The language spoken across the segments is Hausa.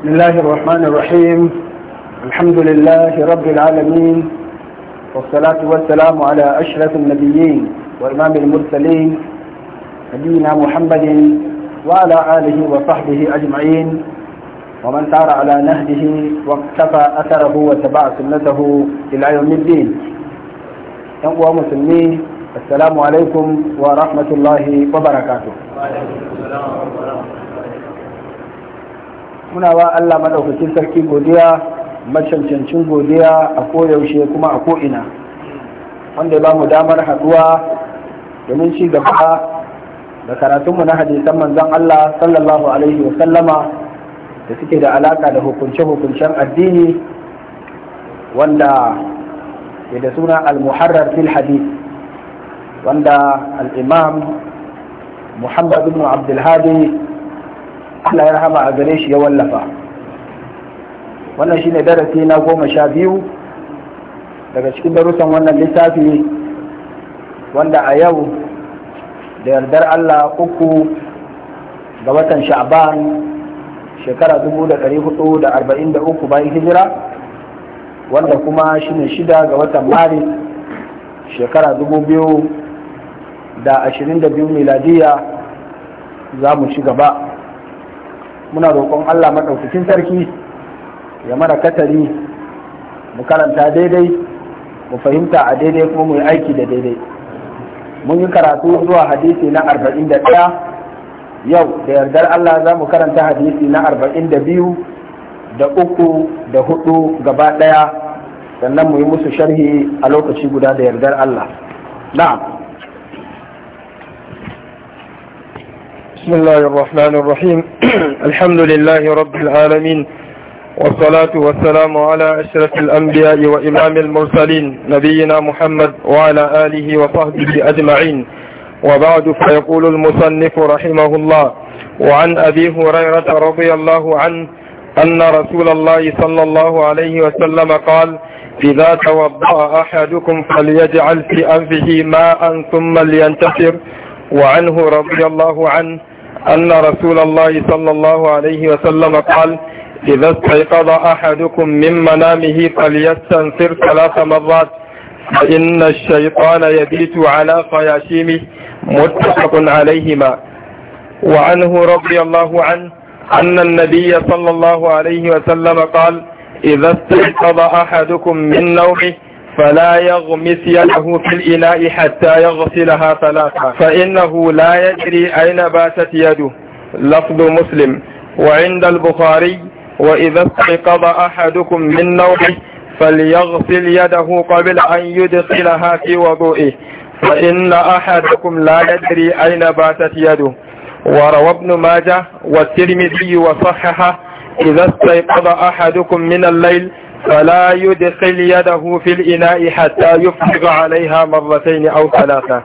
بسم الله الرحمن الرحيم الحمد لله رب العالمين والصلاة والسلام على أشرف النبيين وإمام المرسلين نبينا محمد وعلى آله وصحبه أجمعين ومن سار على نهجه واقتفى أثره وتبع سنته إلى يوم الدين تقوى مسلمين السلام عليكم ورحمة الله وبركاته وعليكم السلام ورحمة الله muna ba Allah madaukakin sarki godiya macancancin godiya a koyaushe kuma a ko'ina wanda ya ba mu damar haduwa domin ci gaba da karatunmu na hadisan manzon Allah sallallahu alaihi wa sallama da suke da alaka da hukunce-hukuncen addini wanda ke da suna al-muharrar fil hadith wanda al-imam Muhammad Allah ya rahama a gare shi ya wallafa wannan shine darasi na goma sha biyu daga cikin darussan wannan littafi wanda a yau da yardar Allah uku ga watan sha'ban shekara uku bayan hijira wanda kuma shine shida ga watan maris shekara 2022 miladiya za mu shiga ba. muna roƙon Allah maɗaukakin sarki ya mana katari mu karanta daidai mu fahimta a daidai kuma mu yi aiki da daidai mun yi karatu zuwa hadisi na arba'in da ɗaya yau da yardar Allah za mu karanta hadisi na arba'in da biyu da uku da hudu gaba ɗaya sannan mu yi musu sharhi a lokaci guda da yardar Allah na'am بسم الله الرحمن الرحيم الحمد لله رب العالمين والصلاة والسلام على أشرف الأنبياء وإمام المرسلين نبينا محمد وعلى آله وصحبه أجمعين وبعد فيقول المصنف رحمه الله وعن أبي هريرة رضي الله عنه أن رسول الله صلى الله عليه وسلم قال إذا توضأ أحدكم فليجعل في أنفه ماء ثم لينتشر وعنه رضي الله عنه أن رسول الله صلى الله عليه وسلم قال إذا استيقظ أحدكم من منامه فليستنصر ثلاث مرات فإن الشيطان يبيت على خياشيمه متفق عليهما وعنه رضي الله عنه أن النبي صلى الله عليه وسلم قال إذا استيقظ أحدكم من نومه فلا يغمس يده في الإناء حتى يغسلها ثلاثة فإنه لا يدري أين باتت يده لفظ مسلم وعند البخاري وإذا استيقظ أحدكم من نومه فليغسل يده قبل أن يدخلها في وضوئه فإن أحدكم لا يدري أين باتت يده وروى ابن ماجه والترمذي وصححه إذا استيقظ أحدكم من الليل فلا يدخل يده في الإناء حتى يفرغ عليها مرتين أو ثلاثة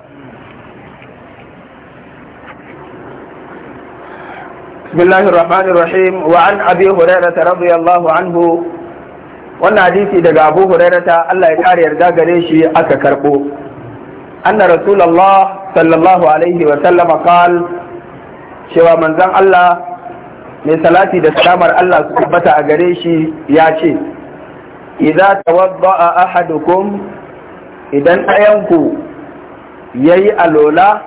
بسم الله الرحمن الرحيم وعن أبي هريرة رضي الله عنه wannan hadisi daga Abu Hurairata Allah ya kare yarda gare shi aka karbo anna rasulullah sallallahu alaihi wa sallama qal cewa manzon Allah mai salati da salamar Allah su tabbata a gare shi ya ce idza tawadda'a ahadukum idan ayanku yayi alola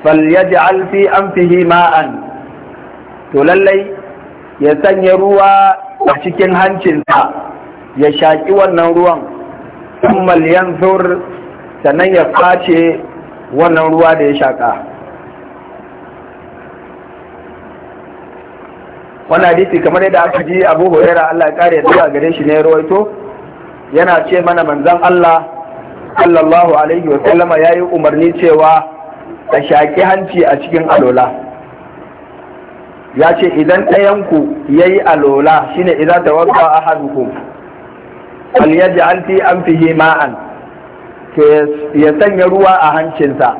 falyaj'al fi anfihi ma'an to lallai ya sanya ruwa a cikin hancinsa ya shaƙi wannan ruwan liyan yanzur sannan ya face wannan ruwa da ya shaƙa. wannan hadisi kamar yadda aka ji Abu Hurairah Allah ya kare zuwa gare shi ne rawaito yana ce mana manzon Allah sallallahu alaihi wa sallama yayi umarni cewa a shaki hanci a cikin alola ya ce idan ɗayanku ya yi alola shine idan tawaffa ahadukum fal yaj'al fi anfihi ma'an ya sanya ruwa a hancinsa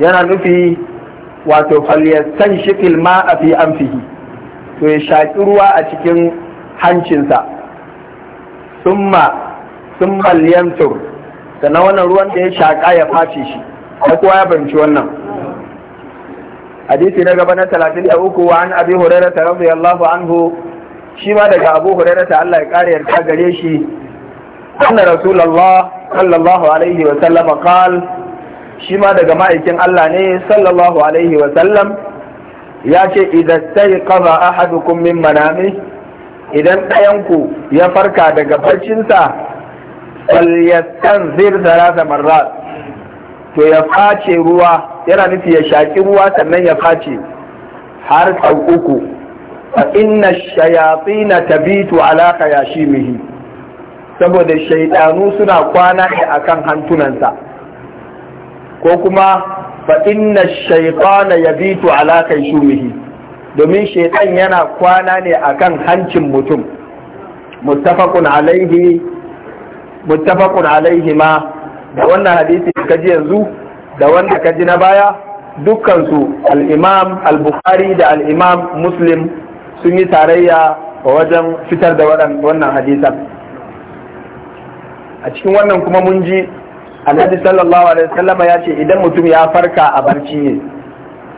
yana nufi wato fal filma ma'a fi anfihi to ya shaƙi ruwa a cikin hancinsa summa summa liyantur sannan wannan ruwan da ya shaƙa ya fashe shi da kowa ya banci wannan hadisi na gaba na talatin da uku wa an abi hurairata radiyallahu anhu shi ma daga abu hurairata Allah ya kare yarda gare shi anna rasulullah sallallahu alaihi wa sallam qal shi ma daga ma'aikin Allah ne sallallahu alaihi wa sallam ya ce idan sai kaza ahadukum min manami idan ɗayanku ya farka daga barcinsa zara thalatha marra to ya face ruwa yana nufi ya shaƙi ruwa sannan ya face har sau uku fa inna shayatina tabitu ala khayashimihi saboda shaidanu suna kwana ne akan hantunansa ko kuma fa inna shaytana yabitu ala shumihi, domin shaytan yana kwana ne akan hancin mutum muttafaqun alaihi muttafaqun alaihi ma da wannan hadisi da kaji yanzu da wanda kaji na baya dukkansu al-imam al-bukhari da al-imam muslim sun yi tarayya wajen fitar da wannan hadisan a cikin wannan kuma mun ji annabi sallallahu alaihi wasallam ya ce idan mutum ya farka a barci ne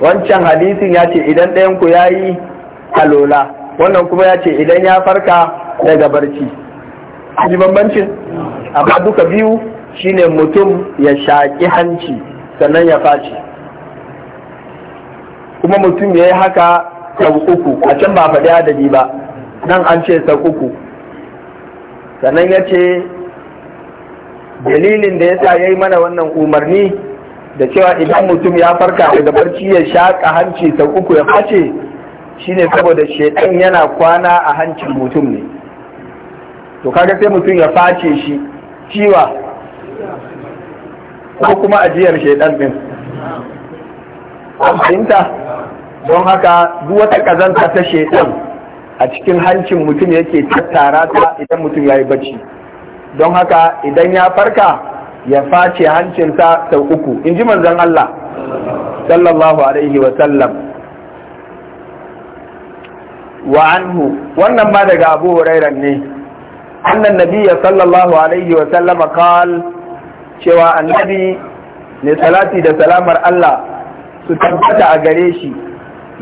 wancan hadisin ya ce idan ɗayan ku yayi alola wannan kuma ya ce idan ya farka daga barci ji bambancin amma duka biyu shine mutum ya shaki hanci sannan ya faci kuma mutum ya yi haka sau uku a can ba faɗi adadi ba nan an ce sau uku sannan ya ce dalilin da ya sa ya yi mana wannan umarni da cewa idan mutum ya farka daga barci ya shaƙa hanci sau uku ya face shine saboda shedan yana kwana a hancin mutum ne to kaga sai mutum ya face shi ciwa ko kuma ajiyar shedan din fahimta don haka duk wata kazanta ta shedan a cikin hancin mutum yake tattara ta idan mutum ya yi bacci don haka idan ya farka ya face hancinsa sau uku in ji manzon Allah sallallahu alaihi wa sallam wa anhu wannan ma daga Abu Hurairah ne annan nabiyya sallallahu alaihi wa sallam qal cewa annabi ne salati da salamar Allah su tabbata a gare shi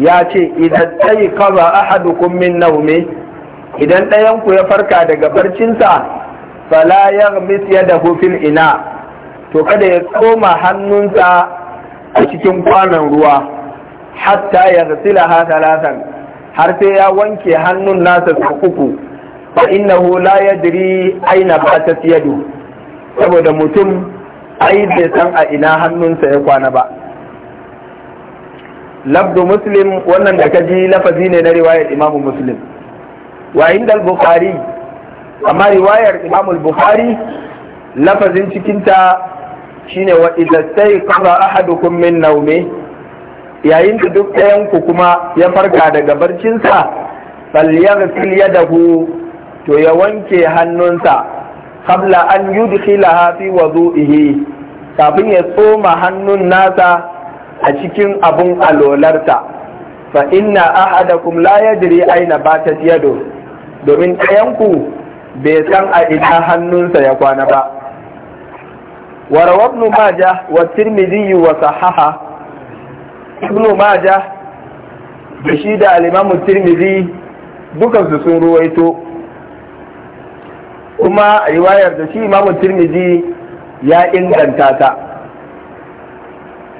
ya ce idan tsayi kaza ahadukum min naume idan ɗayanku ya farka daga barcinsa fala ya da hufin ina to kada ya tsoma hannunsa a cikin kwanan ruwa hatta ya ha talatan har sai ya wanke hannun nasa sau uku fa hula la yadri aina batat da. saboda mutum ai bai san a ina hannunsa ya kwana ba labdu muslim wannan da ka ji lafazi ne na riwayar imamu muslim wa inda al amma riwayar imam al-bukhari lafazin cikinta shine wa idza stayqaza ahadukum min nawmi yayin da duk ɗayan ku kuma ya farka daga barcinsa falyaghsil yadahu to ya wanke hannunsa qabla an yudkhilaha fi wudu'ihi kafin ya tsoma hannun nasa a cikin abun alolarta fa inna ahadakum la yadri aina batat yadu domin ɗayan bai san a ina hannunsa ya kwana ba wa rawabnu maja wa tirmidhi wa sahaha ibn maja da shi da al-imamu tirmidhi sun ruwaito kuma yi wayar da shi imamu tirmidhi ya inganta ta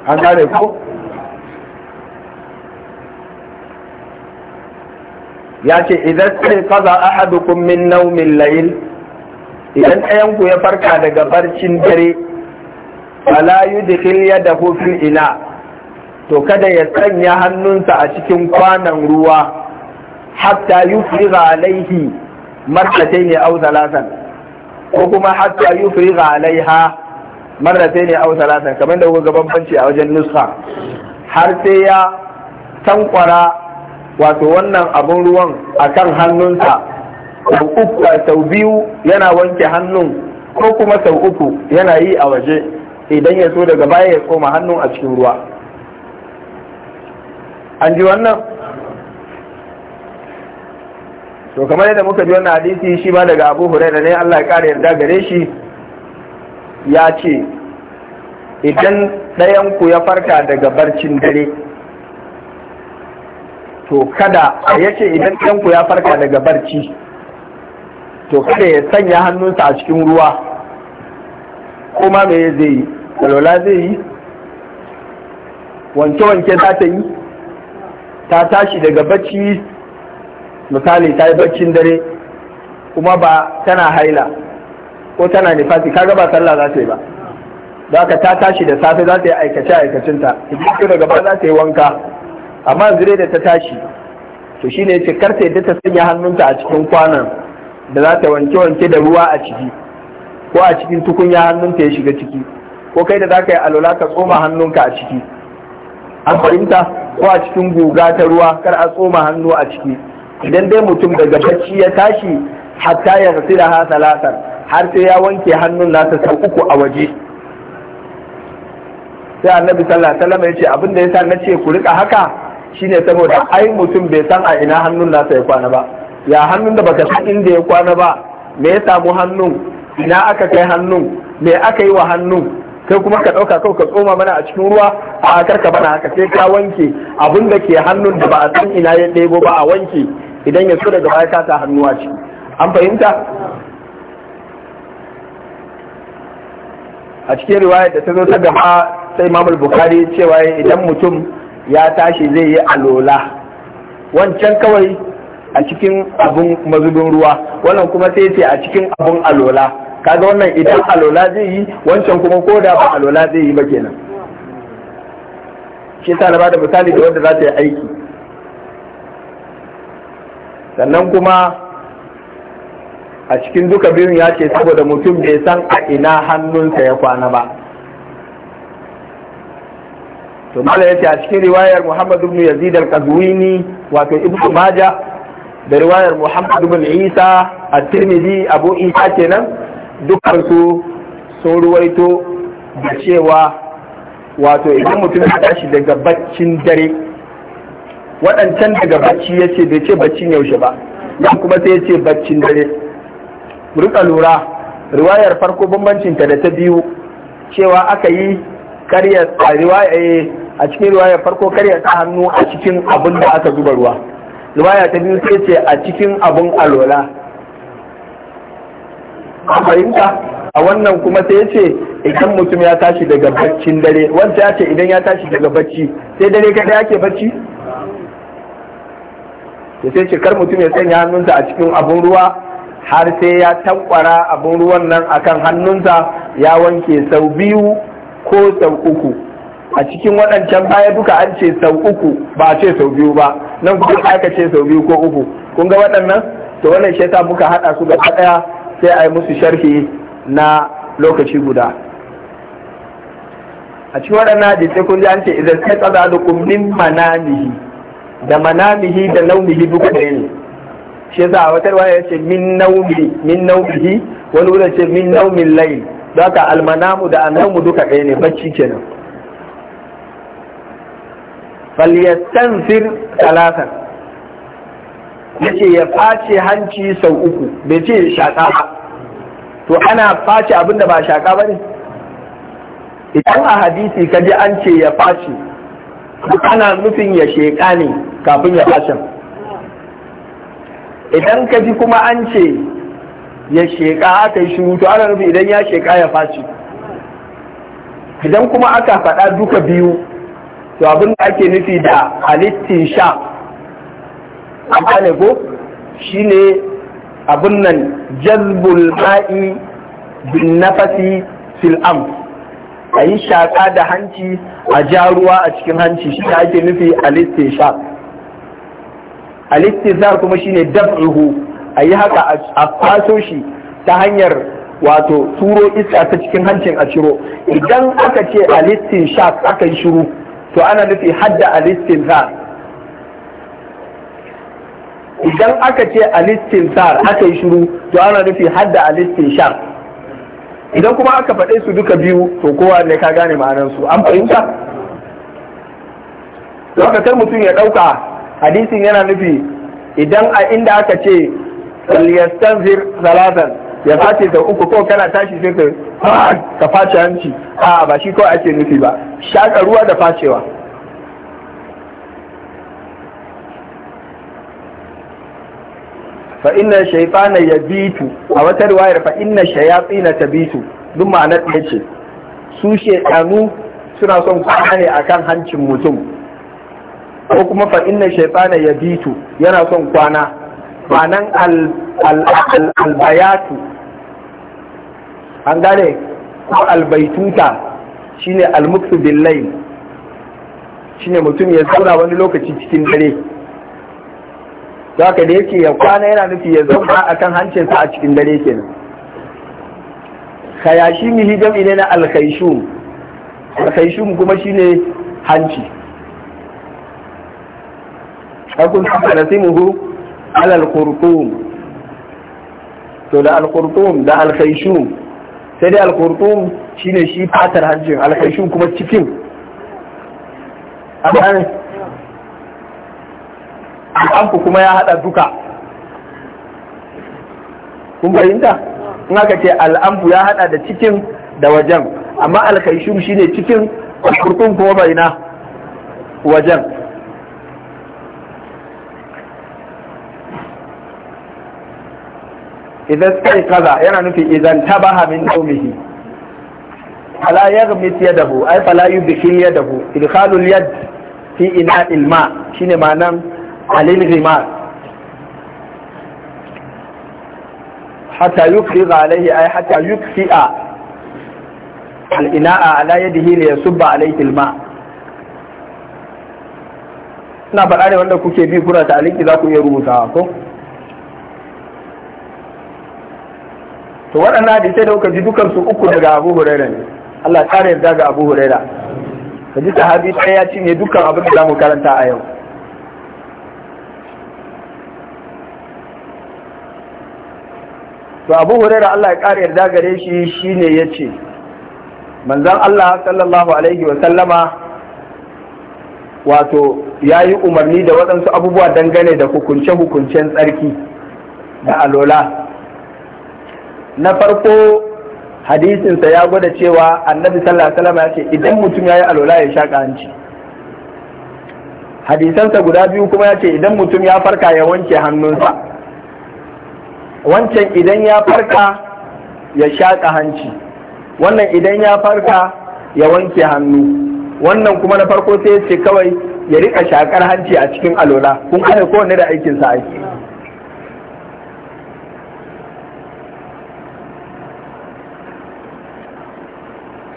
an gane ko ya ce idan sai kaza ahadukum min naumin layil idan ɗayanku ya farka daga barcin dare fala yudkhil yadahu fil ina to kada ya sanya hannunsa a cikin kwanan ruwa hatta yufriga alaihi marratayn aw thalathan ko kuma hatta yufriga alaiha marratayn aw thalathan kamar da kuka ga bambanci a wajen nuska har sai ya tankwara wato wannan abin ruwan akan hannunsa sau uku sau biyu yana wanke hannun ko kuma sau uku yana yi a waje idan ya so daga baya ya koma hannun a cikin ruwa an ji wannan to kamar yadda muka ji wannan hadisi shi ba daga abu huraira ne allah ya kara yarda gare shi ya ce idan ɗayanku ya farka daga barcin dare to kada a yace idan ɗanku ya farka daga barci to kada ya sanya hannunsa a cikin ruwa kuma me zai yi kalola zai yi wanke-wanke za ta yi ta tashi daga barci, misali ta yi barcin dare kuma ba tana haila ko tana nifasi kaga ba sallah za ta yi ba da ta tashi da safe za ta yi aikace-aikacinta idan daga gaba za ta yi wanka amma zire da ta tashi to shine yace kar ta yadda ta sanya hannunta a cikin kwanan da za ta wanke wanke da ruwa a ciki ko a cikin tukunya hannunta ya shiga ciki ko kai da za ka yi alola ka tsoma hannunka a ciki an fahimta ko a cikin guga ta ruwa kar a tsoma hannu a ciki idan dai mutum daga bacci ya tashi hatta ya rasu da salatar har sai ya wanke hannun nasa sau uku a waje sai annabi sallallahu alaihi wasallam ya ce abin da yasa na ce ku rika haka shine saboda ai mutum bai san a ina hannun nasa ya kwana ba ya hannun da baka san inda ya kwana ba me ya samu hannun ina aka kai hannun me aka yi wa hannun sai kuma ka ɗauka kawai ka tsoma mana a cikin ruwa a ka bana haka sai ka wanke abin da ke hannun da ba a san ina ya ɗebo ba a wanke idan ya so daga baya ka ta hannuwa ce an fahimta a cikin riwayar da ta zo ta gaba sai imamul bukari cewa idan mutum ya tashi zai yi alola wancan kawai a cikin abun mazubin ruwa wannan kuma sai ce a cikin abun alola kaga wannan idan alola zai yi wancan kuma ko da ba alola zai yi ba kenan shi ta da misali da wanda za ta yi aiki sannan kuma a cikin duka biyun ya ce saboda mutum bai san a ina hannunsa ya kwana ba to mala yace a cikin riwayar Muhammad ibn Yazid al-Qazwini wato Ibn Majah da riwayar Muhammad ibn Isa at-Tirmidhi Abu Isa kenan dukkan su sun ruwaito da cewa wato idan mutum ya tashi daga baccin dare waɗancan daga bacci ya ce bai ce baccin yaushe ba ya kuma sai ya ce baccin dare rika lura riwayar farko bambancinta da ta biyu cewa aka yi karya eh, a cikin riwaya farko karya ta hannu a cikin abin da aka zuba ruwa riwaya ta biyu sai ce a cikin abin alola a fahimta a wannan kuma sai ce idan mutum ya tashi daga baccin dare wancan ya ce idan ya tashi daga bacci sai dare kada yake bacci da sai ce kar mutum ya sanya hannunsa a cikin abin ruwa har sai ya tankwara abin ruwan nan akan hannunsa ya wanke sau biyu ko sau uku a cikin waɗancan baya duka an ce sau uku ba a ce sau biyu ba nan kuma aka ce sau biyu ko uku kun ga waɗannan to wannan shi yasa muka haɗa su gaba ɗaya sai a yi musu sharhi na lokaci guda a cikin waɗannan hadisai kun ji an ce idan sai tsada da kumnin manamihi da manamihi da naumihi duka ɗaya ne shi yasa a wata ya ce min naumi min naumihi wani wurin ce min naumin laili daga almanamu da annamu duka ɗaya ne bacci kenan sir talatan ce ya face hanci sau uku bai ce shaka ba to ana face abin da ba shaka ba ne idan a hadisi ka ji an ce ya face ana nufin ya sheka ne kafin ya fashe idan ka ji kuma an ce ya sheka aka yi shuru to ana nufi idan ya sheka ya faci idan kuma aka faɗa duka biyu to abin da ake nufi da halittin sha a ne ko shine abin nan jazbul ma'i bin nafasi fil a yi shaƙa da hanci a ja ruwa a cikin hanci shi ake nufi halittin sha halittin kuma shi shine dab'uhu a yi haka a faso shi ta hanyar wato turo iska ta cikin hancin a ciro idan aka ce a listin shark aka yi shuru, to ana nufi hadda a listin zar idan aka ce a listin zar aka yi shuru, to ana nufi hadda a listin shark. idan kuma aka faɗe su duka biyu to kowa ne ka gane ma'anansu an fahimta To aka kar mutum ya ɗauka hadisin yana nufi idan a inda aka ce falyastanzir salatan ya face da uku ko kana tashi sai ka ka face hanci a ba shi kawai ake nufi ba shaka ruwa da facewa fa inna shaytana yabitu a wata riwayar fa inna shayatina tabitu duk ma'ana ɗaya ce su shaytanu suna son kwana ne akan hancin mutum ko kuma fa inna shaytana yabitu yana son kwana ma'anan albayatu an gane ko albaituta shine almuksu billai shine mutum ya zauna wani lokaci cikin dare zaka da yake ya kwana yana nufi ya zauna a kan hancinsa a cikin dare kenan kayashi mihi ne na alkhaishum alkhaishum kuma shine hanci hakun sanasimuhu alal qurtum to da al da al sai dai al qurtum shine shi fatar hanjin al kuma cikin an kuma ya duka kun fahimta in aka ce al'amfu ya hada da cikin da wajen amma alkaishum shine cikin kurkun kuma bai na wajen idan sai kaza yana nufi idan ta ha min nawmihi fala yaghmit yadahu ay fala yubkhil yadahu idkhalul yad fi ina'il ma shine ma'anan alil ghimar hata يكفئ عليه أي حتى يكفئ الإناء على يده ليصب عليه الماء ina faɗa ne wanda kuke bi kuna ta aliki za ku iya rubuta ko to waɗannan hadisai da kuka ji dukan su uku daga Abu Huraira ne Allah ya yarda ga Abu Huraira ka ji sahabi ta ya cinye dukkan abin da zamu karanta a yau to Abu Huraira Allah ya ƙara yarda gare shi shine yace manzon Allah sallallahu alaihi wa sallama wato yayi umarni da waɗansu abubuwa dangane da hukunce-hukuncen tsarki da alola na farko hadisinsa ya gwada cewa annabi sallallahu alaihi wasallam ya ce idan mutum ya yi alola ya shaƙa hanci hadisansa guda biyu kuma ya ce idan mutum ya farka ya wanke hannunsa wancan idan ya farka ya shaƙa hanci wannan idan ya farka ya wanke hannu wannan kuma na farko sai ce kawai ya riƙa shakar hanci a cikin alola kun kare kowanne da aikinsa aiki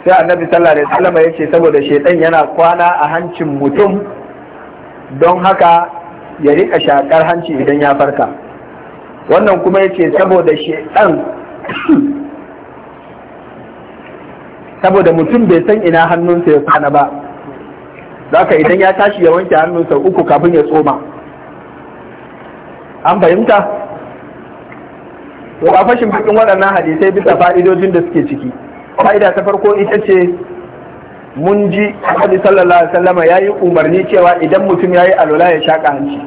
sai annabi sallallahu alaihi wasallam ya ce saboda shaitan yana kwana a hancin mutum don haka ya rika shakar hanci idan ya farka wannan kuma ya ce saboda shaitan saboda mutum bai san ina hannunsa ya kwana ba zaka idan ya tashi ya wanke hannunsa uku kafin ya tsoma an fahimta Ko a fashin bakin waɗannan hadisai bisa fa'idojin da suke ciki fa'ida ta farko ita ce mun ji Annabi sallallahu alaihi wasallam yayi umarni cewa idan mutum yayi alwala ya shaka hanci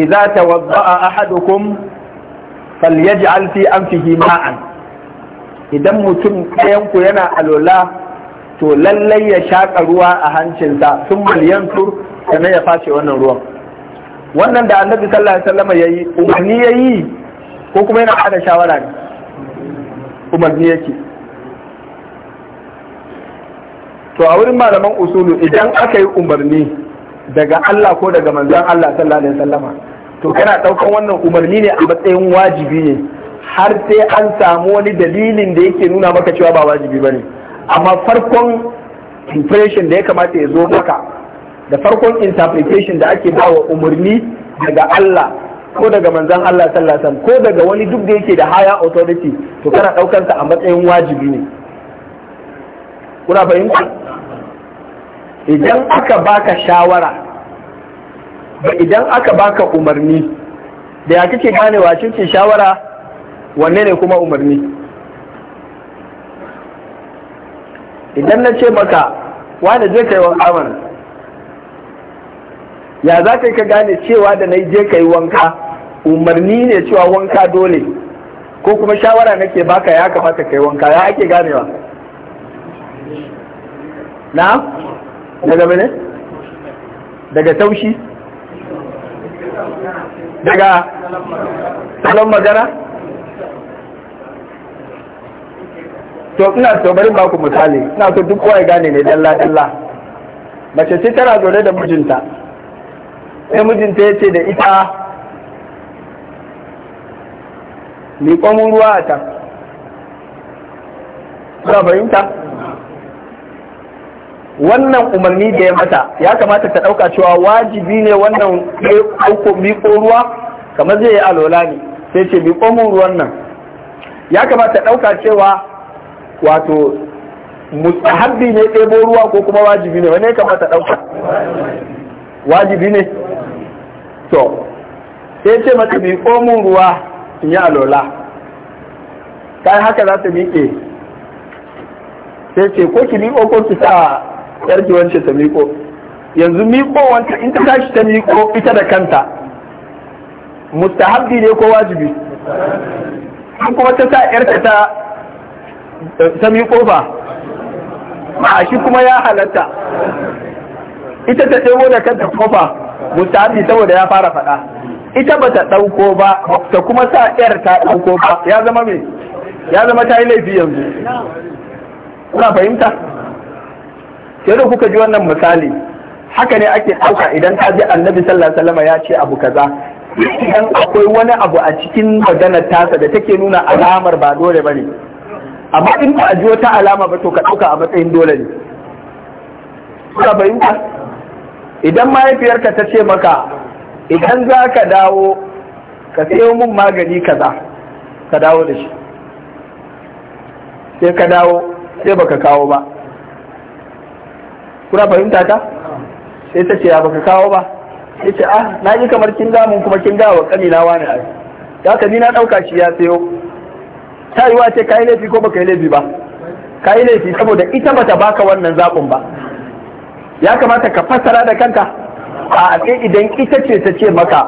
idza tawadda'a ahadukum falyaj'al fi anfihi ma'an idan mutum ɗayan ku yana alola, to lallai ya shaƙa ruwa a hancinsa sun malyantur sannan ya face wannan ruwan wannan da annabi sallallahu alaihi wasallam yayi umarni yayi ko kuma yana hada shawara ne umarni yake to a wurin malaman usulu idan aka yi umarni daga Allah ko daga manzon Allah sallallahu alaihi wasallama to kana daukan wannan umarni ne a matsayin wajibi ne har sai an samu wani dalilin da yake nuna maka cewa ba wajibi bane amma farkon impression da ya kamata ya zo maka da farkon interpretation da ake bawa umarni daga Allah ko daga manzan Allah sallallahu alaihi wasallam ko daga wani duk da yake da haya authority to kana daukar sa a matsayin wajibi ne kuna fahimta idan aka baka shawara ba idan aka baka umarni da ya kake wa cikin shawara wanne ne kuma umarni idan na ce maka wani je kai wa amana ya za ka ka gane cewa da na je ka yi wanka umarni ne cewa wanka dole ko kuma shawara nake baka ya kamata ka yi wanka ya ake ganewa na daga mene daga taushi daga salon magana to ina so bari ba ku misali ina so duk kowa ya gane ne dalla dalla mace ce tana zaune da mijinta sai mijinta ya ce da ita miƙon ruwa a ta fahimta wannan umarni da ya mata ya kamata ta ɗauka cewa wajibi ne wannan ɗauko miƙo ruwa kamar zai yi alola ne sai ce miƙo ruwan nan ya kamata ɗauka cewa wato mustahabbi ne ɗebo ruwa ko kuma wajibi ne wani ya kamata ɗauka wajibi ne to sai ce mata mi komun ruwa in yi alola yi haka za ta miƙe sai ce ko ki miƙo ko ki sa yarki wance ta miƙo yanzu miƙo wanta in ta tashi ta miƙo ita da kanta mustahabbi ne ko wajibi an kuma ta sa yarka ta ta miƙo ba ma shi kuma ya halatta ita ta ɗebo da kanta kofa mustahabi saboda ya fara faɗa ita ba ta ɗauko ba ta kuma sa ƴar ta ɗauko ba ya zama me ya zama ta yi laifi yanzu kuna fahimta sai da kuka ji wannan misali haka ne ake ɗauka idan ta ji annabi sallallahu ya ce abu kaza idan akwai wani abu a cikin maganar tasa da take nuna alamar ba dole bane amma in ba a ji wata alama ba to ka ɗauka a matsayin dole ne kuna fahimta idan mahaifiyarka ta ce maka idan za ka dawo ka sayo mun magani kaza ka dawo da shi sai ka dawo sai baka kawo ba kuna fahimta ta sai ta ce ya baka kawo ba sai ce ah na yi kamar kin damun kuma kin gawa kani na wani ai ya ka ni na dauka shi ya sayo ta wace ka yi laifi ko baka yi laifi ba yi laifi saboda ita bata baka wannan zaɓin ba ya kamata ka fassara da kanka a sai idan ita ce ta ce maka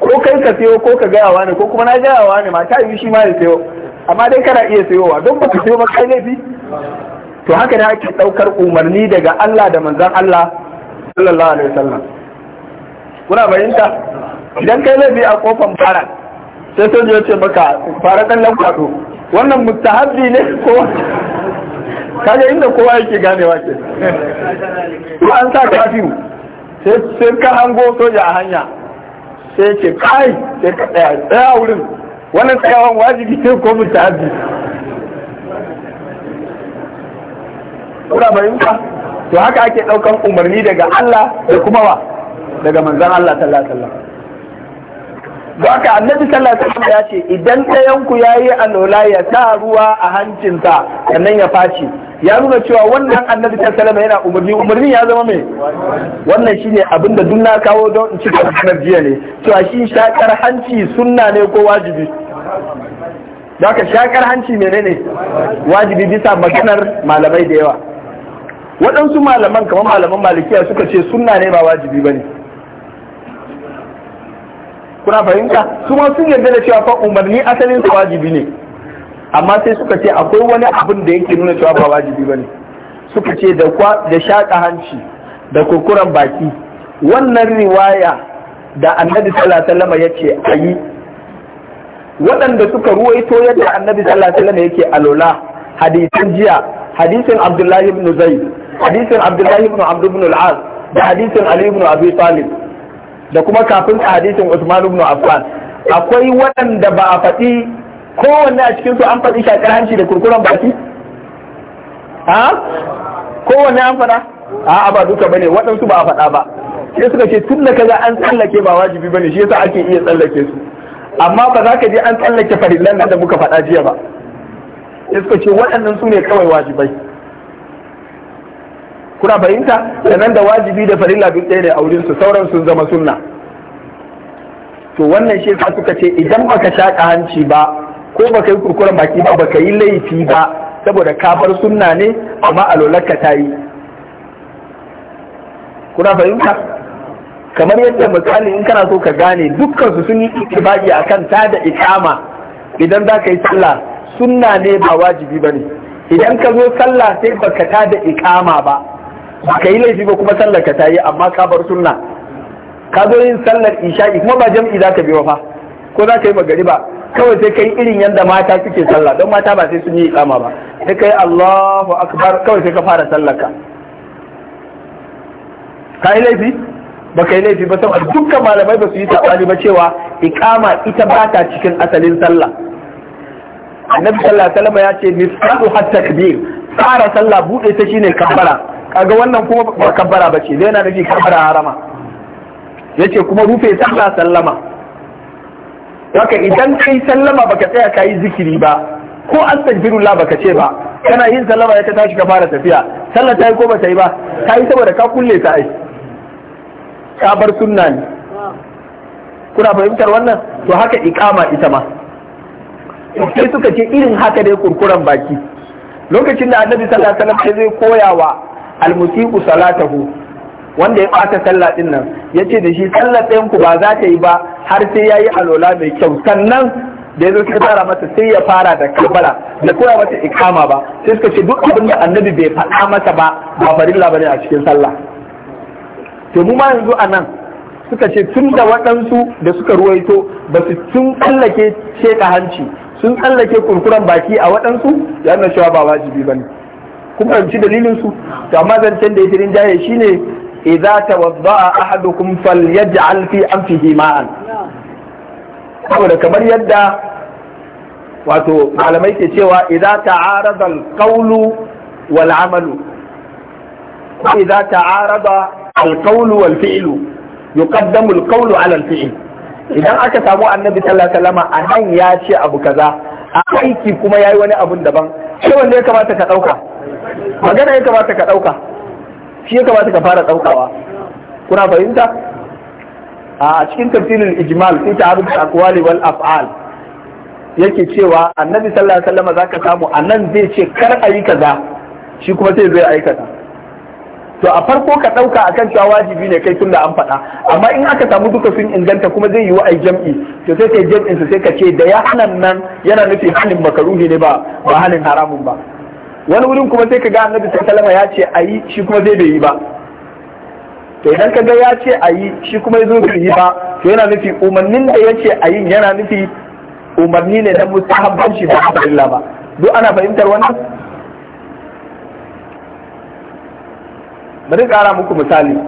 ko kai ka sayo ko ka gaya wani ko kuma na gaya wani ma ta yi shi ma ya sayo amma dai kana iya sayowa don baka sayo ba kai laifi to haka ne ake daukar umarni daga Allah da manzon Allah sallallahu alaihi wasallam kuna bayanta idan kai laifi a kofar fara sai sojoji ya ce maka fara kallon kwado wannan mustahabbi ne ko kaga inda kowa yake ganewa ke ko an sa kafiyu sai ka hango soja a hanya sai ce kai sai ka tsaya tsaya wurin wannan tsayawan wajibi sai ko mu ta'addi kuna ka to haka ake daukan umarni daga Allah da kuma wa daga manzon Allah sallallahu alaihi wasallam to aka annabi sallallahu alaihi wasallam ya ce idan ɗayan ku yayi alola ya sa ruwa a hancinsa sannan ya faci ya nuna cewa wannan annabi sallallahu alaihi wasallam yana umarni umarni ya zama mai wannan shine abin da duk na kawo don in cika sunnar jiya ne To a shi shakar hanci sunna ne ko wajibi da haka shakar hanci menene wajibi bisa maganar malamai da yawa waɗansu malaman kamar malaman malikiya suka ce sunna ne ba wajibi ba ne kuna fahimta su ma sun yarda da cewa fa umarni asalin su wajibi ne amma sai suka ce akwai wani abin da yake nuna cewa ba wajibi ba ne suka ce da da shaƙa hanci da kurkuran baki wannan riwaya da annabi sallallahu alaihi wasallam yake ayi waɗanda suka ruwaito yadda annabi sallallahu alaihi wasallam yake alola hadisin jiya hadisin abdullahi ibn zaid hadisin abdullahi ibn abd ibn al-az da hadisin ali ibn abi talib da kuma kafin a hadisin Usman ibn Affan akwai waɗanda ba a faɗi kowanne a cikin su an faɗi shakar hanci da kurkuren baki ha kowanne an faɗa a ba duka bane waɗansu ba a faɗa ba sai suka ce tun da kaza an tsallake ba wajibi bane shi yasa ake iya tsallake su amma ba za ka je an tsallake farillan da muka faɗa jiya ba sai suka ce waɗannan su ne kawai wajibai kuna fahimta nan da wajibi da farilla duk ɗaya ne a wurin su sauran sun zama sunna to wannan shi yasa suka ce idan baka shaƙa hanci ba ko baka yi kurkuren baki ba baka yi laifi ba saboda kafar sunna ne amma alolarka ta yi kuna fahimta kamar yadda misali in kana so ka gane dukkan su sun yi ibadi akan ta da ikama idan za ka yi sallah sunna ne ba wajibi ba ne idan ka zo sallah sai baka ta da ikama ba ba ka yi laifi ba kuma sallar ka ta yi amma ka bar sunna ka zo yin sallar isha'i kuma ba jam'i za ka biyo fa ko za ka yi magari ba kawai sai kai irin yadda mata suke sallah don mata ba sai sun yi ikama ba sai kai Allahu akbar kawai sai ka fara sallar ka ka yi laifi ba ka yi laifi ba saboda dukkan malamai ba su yi sabani ba cewa ikama ita ba ta cikin asalin sallah annabi sallallahu alaihi wasallam ya ce misalu hatta takbir fara sallah bude ta shine kabbara kaga wannan kuma ba kabbara ba ce zai da nufi kabbara harama ya ce kuma rufe sallah sallama haka idan yi sallama baka tsaya ka yi zikiri ba ko astaghfirullah baka ce ba kana yin sallama ya ta tashi ka fara tafiya sallah ta yi ko ba ta yi ba ta yi saboda ka kulle ta ai ka bar sunna ne kuna fahimtar wannan to haka ikama ita ma sai suka ce irin haka dai kurkuran baki lokacin da annabi sallallahu alaihi wasallam zai koya wa almusiku salatahu wanda ya bata sallah din nan ce da shi sallah ɗayan ku ba za ta yi ba har sai yayi alola mai kyau sannan da yazo sai fara masa sai ya fara da kabbala da koya mata ikama ba sai suka ce duk abin da annabi bai faɗa masa ba ba farilla bane a cikin sallah to mu ma yanzu anan suka ce tun da waɗansu da suka ruwaito ba su tun tsallake sheka hanci sun tsallake kurkuren baki a waɗansu ya cewa ba wajibi bane kuma fahimci dalilin su to amma zancen da yake rinjaye shine idza tawadda'a ahadukum falyaj'al fi anfihi ma'an saboda kamar yadda wato malamai ke cewa idza ta'arada al-qawlu wal 'amalu ko idza ta'arada al-qawlu wal fi'lu yuqaddamu al-qawlu 'ala al-fi'l idan aka samu annabi sallallahu alaihi wasallam a nan ya ce abu kaza a aiki kuma yayi wani abun daban sai wanda ya kamata ka dauka magana ya kamata ka ɗauka shi ya kamata ka fara ɗaukawa kuna fahimta a cikin tafsirin ijmal fi ta'aruf al-aqwali wal af'al yake cewa annabi sallallahu alaihi wasallam zaka samu anan zai ce kar ayi kaza shi kuma sai zai aikata to a farko ka ɗauka akan cewa wajibi ne kai tunda an faɗa amma in aka samu duka sun inganta kuma zai yiwu ai jam'i to sai sai jam'in sai ka ce da ya hanan nan yana nufi halin makaruhi ne ba ba halin haramun ba wani wurin kuma sai ka ga annabi sallallahu ya ce a yi shi kuma zai bai yi ba to idan ka ga ya ce a yi shi kuma ya zo bai yi ba to yana nufi umarnin da ya ce a yi yana nufi umarni ne na mustahabban shi ba farilla ba duk ana fahimtar wannan bari kara muku misali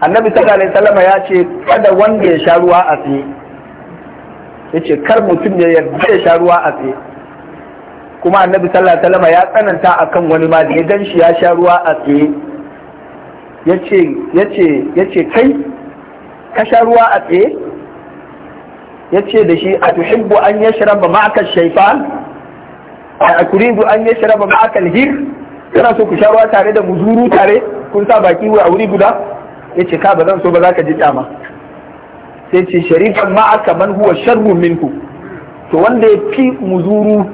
annabi sallallahu alaihi wasallam ya ce kada wanda ya sha ruwa a tsaye yace kar mutum ya yarda ya sha ruwa a tsaye kuma annabi sallallahu alaihi wasallam ya tsananta akan wani ma da ya ganshi ya sha ruwa a tsaye yace yace yace kai ka sha ruwa a tsaye yace da shi a tuhibbu an yashraba ma'aka shaytan a turidu an yashraba ma'aka alhir kana so ku sha ruwa tare da muzuru tare kun sa baki a wuri guda yace ka ba zan so ba za ka ji kyama sai ce sharifan ma'aka man huwa sharrun minku to wanda ya fi muzuru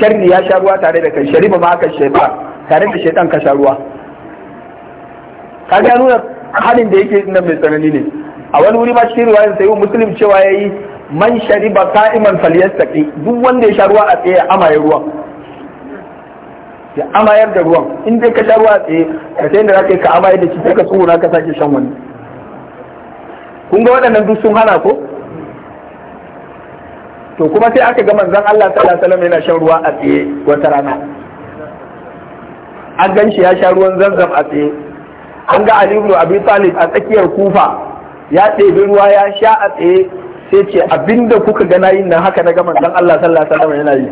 sharri ya sha ruwa tare da kai Sharifa ma aka shaitan tare da shaitan ka sha ruwa kaga nuna halin da yake nan mai tsanani ne a wani wuri ma cikin riwayar sayyid muslim cewa yayi man shariba qa'iman falyastaqi duk wanda ya sha ruwa a tsaye amaye ruwan ya amayar da ruwan in dai ka sha ruwa a tsaye ka sai da zaka ka amayar da shi sai ka tsuguna ka sake shan wani kun ga waɗannan duk sun hana ko to kuma sai aka ga manzon Allah sallallahu alaihi wasallam yana shan ruwa a tsaye wata rana an gan shi ya sha ruwan zanzam a tsaye an ga Ali ibn Abi Talib a tsakiyar Kufa ya ɗebi ruwa ya sha a tsaye sai ce abinda kuka ga nayin nan haka na ga manzon Allah sallallahu alaihi wasallam yana yi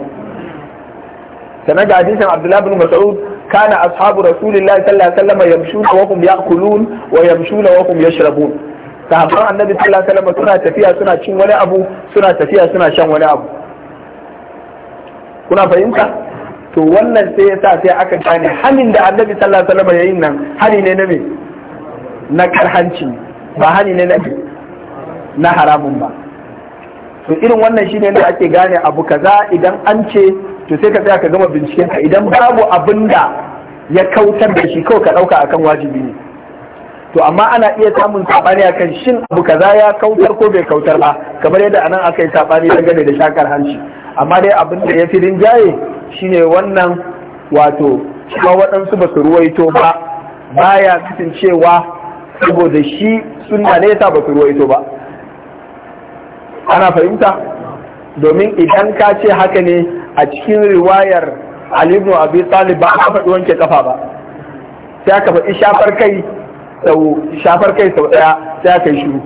sanan ga hadisin Abdullah ibn Mas'ud kana ashabu rasulillahi sallallahu alaihi wasallam yamshuna wa hum ya'kulun wa yamshuna wa hum yashrabun sahabban annabi sallallahu alaihi wasallam suna tafiya suna cin wani abu suna tafiya suna shan wani abu kuna fahimta to wannan sai ya sa sai aka gane hanin da annabi sallallahu alaihi wasallam yayin nan hani ne na me na karhanci ba hani ne na na haramun ba to irin wannan shine da ake gane abu kaza idan an ce to sai ka tsaya ka gama binciken ka idan babu abin da ya kautar da shi kawai ka dauka akan wajibi ne to amma ana iya samun sabani akan shin abu kaza ya kautar ko bai kautar ba kamar yadda anan aka yi sabani dangane da shakar hanci amma dai abin da ya fi rinjaye shine wannan wato cewa waɗansu ba su ruwaito ba baya cikin cewa saboda shi sunna ne yasa ba su ruwaito ba ana fahimta domin idan ka ce haka ne a cikin riwayar Ali ibn Abi Talib ba a faɗi wanke kafa ba sai aka faɗi shafar kai sau shafar kai sau ɗaya sai aka yi shiru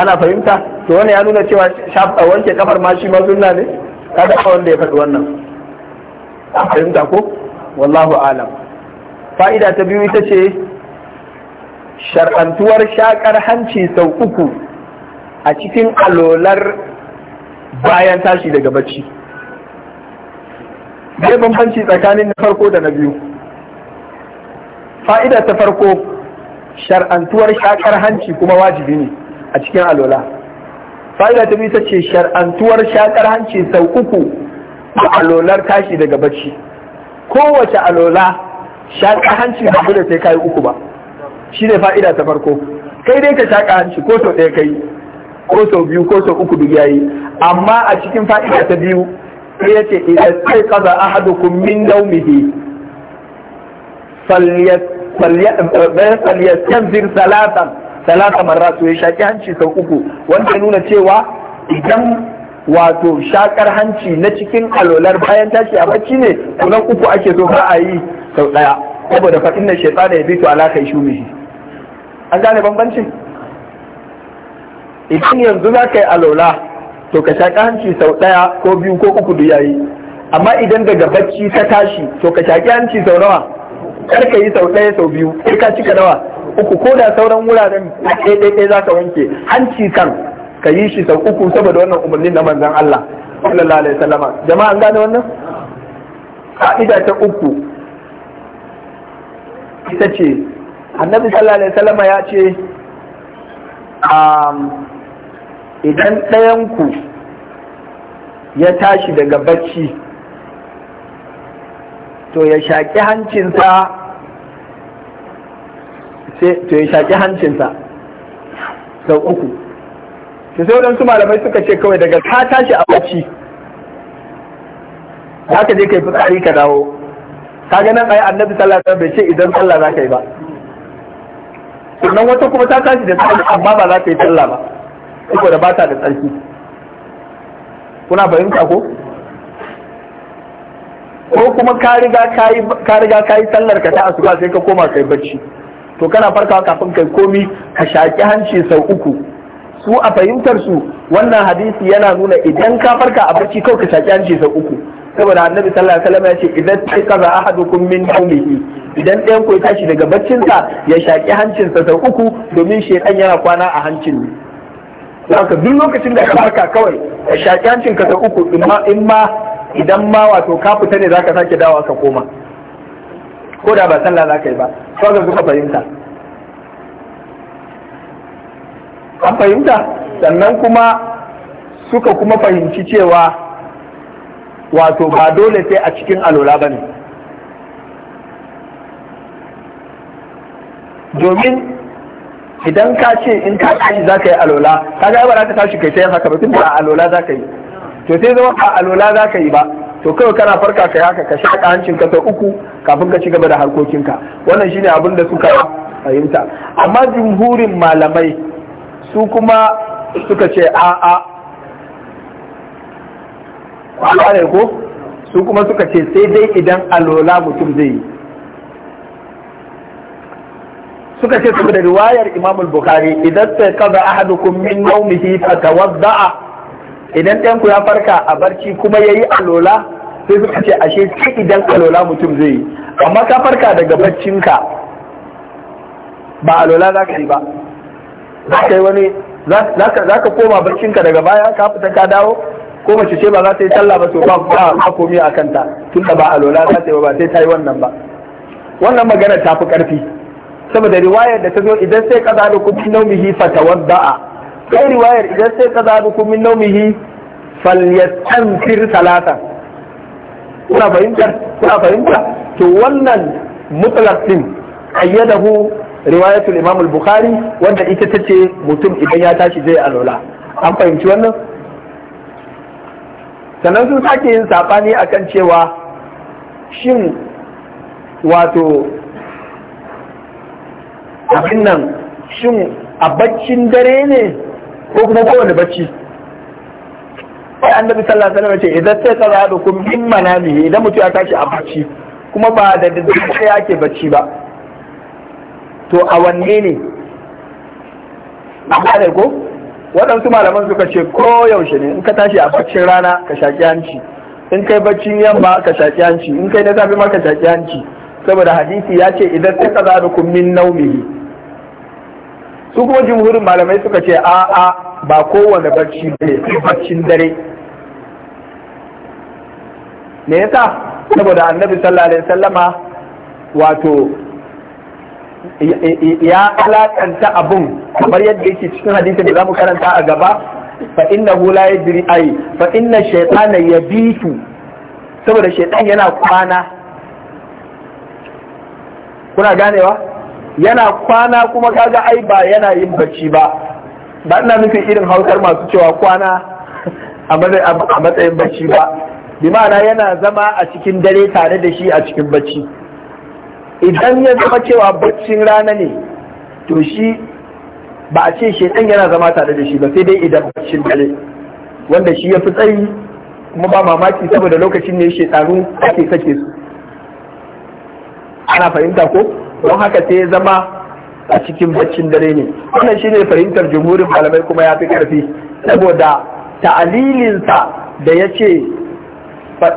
ana fahimta to wani ya nuna cewa wanke kafar ma shi ma sunna ne kada ba wanda ya faɗi wannan a fahimta ko wallahu alam fa'ida ta biyu ita ce shar'antuwar shakar hanci sau uku a cikin alolar bayan tashi daga bacci zai bambanci tsakanin na farko da na biyu fa'ida ta farko shar'antuwar shakar hanci kuma wajibi ne a cikin alola fa'ida ta biyu ta ce shar'antuwar shakar hanci sau uku a alolar tashi daga bacci kowace alola shakar hanci ba dole sai kai uku ba shi ne fa'ida ta farko kai dai ka shaka hanci ko sau ɗaya kai ko sau biyu ko sau uku duk yayi amma a cikin fa'ida ta biyu sai ya ce idan sai kaza ahadukum min naumihi falyat Eh, eh, falyastanzir salatan salatan marra to ya shaki hanci sau uku wanda ya nuna cewa idan wato shakar hanci na cikin alolar bayan tashi a bacci ne kunan uku ake so ba a yi sau daya saboda fa ya bi yabitu ala kai shumihi an gane bambancin idan yanzu za ka yi alola to ka shaƙi hanci sau ɗaya ko biyu ko uku duk yayi amma idan daga bacci ta tashi to ka shaƙi hanci sau nawa kar ka yi sau ɗaya sau biyu sai ka cika nawa uku ko da sauran wuraren ɗaya ɗaya za ka wanke hanci kan ka yi shi sau uku saboda wannan umarnin na manzan Allah sallallahu alaihi wasallama jama'a an gane wannan ka'ida ta uku ita ce annabi sallallahu alaihi wasallama ya ce idan ɗayanku ya tashi daga bacci to ya shaƙi hancinsa sai to ya shaki hancinsa sau uku to sai waɗansu malamai suka ce kawai daga ka tashi a bacci za ka je kai fitsari ka dawo ka ga nan ai annabi sallallahu alaihi bai ce idan sallah za ka yi ba sannan wata kuma ta tashi da tsarki amma ba za ta yi sallah ba saboda ba ta da tsarki kuna fahimta ko ko kuma ka riga ka yi sallar ka ta asuba sai ka koma kai bacci to kana farkawa kafin kai komi ka shaki hanci sau uku su a fahimtar su wannan hadisi yana nuna idan ka farka a barci kawai ka shaki hanci sau uku saboda annabi sallallahu alaihi wasallam ya ce idan kaza ahadukum min nawmihi idan ɗayan ku ya tashi daga sa ya shaƙi hancinsa sau uku domin shedan yana kwana a hancin ne haka duk lokacin da ka farka kawai ka shaƙi hancin ka sau uku in ma idan ma wato ka fita ne zaka sake dawa ka koma ko da ba sallah za ka yi ba to ga kuka fahimta an fahimta sannan kuma suka kuma fahimci cewa wato ba dole sai a cikin alola ba ne domin idan ka ce in ka tashi za ka yi alola ka ga ba za ka tashi kai ta yin haka ba tun ba a alola za ka yi to sai zama ba alola za ka yi ba to kawai kana farka kai haka ka shaƙa hancin ka sau uku kafin ka ci gaba da harkokinka wannan shine abin da suka fahimta amma jumhurin malamai su kuma suka ce a'a ne ko su kuma suka ce sai dai idan alola mutum zai yi suka ce saboda riwayar imamul bukari idan sai kaza ahadukum min nawmihi fatawadda'a idan ɗanku ya farka a barci kuma ya yi alola sai suka ce ashe sai idan alola mutum zai yi amma ka farka daga barcinka ba alola za ka yi ba za ka yi wani za ka koma barcinka daga baya ka fita ka dawo ko mace ce ba za ta yi sallah ba to ba ba komi a kanta tun da ba alola za ta yi ba sai ta yi wannan ba wannan magana ta fi ƙarfi saboda riwayar da ta zo idan sai ka da kuma naumihi fatawadda'a sai riwayar idan sai ka da kuma naumihi falyastanfir salatan kuna fahimta kuna fahimta to wannan mutlaq din ayyadahu riwayatul imam al-bukhari wanda ita tace mutum idan ya tashi zai alola an fahimci wannan sannan sun sake yin sabani akan cewa shin wato abin nan shin a baccin dare ne ko kuma kowane bacci sai annabi sallallahu alaihi wasallam ce idan sai ka zaɗo kun min manamihi idan mutum ya tashi a bacci kuma ba da daddare yake bacci ba to a wanne ne amma ne ko waɗansu malaman suka ce ko yaushe ne in ka tashi a baccin rana ka shaƙi hanci in kai baccin yamma ka shaƙi hanci in kai na safe ma ka shaƙi hanci saboda hadisi ya ce idan sai ka zaɗo kun bin naumihi su kuma jimhurin malamai suka ce a'a ba kowane bacci ne baccin dare me yasa saboda annabi sallallahu alaihi wasallama wato ya alakanta abun kamar yadda yake cikin hadisin da zamu karanta a gaba fa hu la yadri ay fa inna shaytana yabitu saboda shaytan yana kwana kuna ganewa yana kwana kuma kaga ai ba yana yin bacci ba ba ina nufin irin hausar masu cewa kwana a matsayin bacci ba bi yana zama a cikin dare tare da shi a cikin bacci idan ya zama cewa baccin rana ne to shi ba a ce ɗan yana zama tare da shi ba sai dai idan baccin dare wanda shi ya fi tsayi kuma ba mamaki saboda lokacin ne shaitanu ake sake su ana fahimta ko don haka sai ya zama a cikin baccin dare ne wannan shi ne fahimtar jumhurin malamai kuma ya fi karfi saboda ta'alilinsa da ya ce fa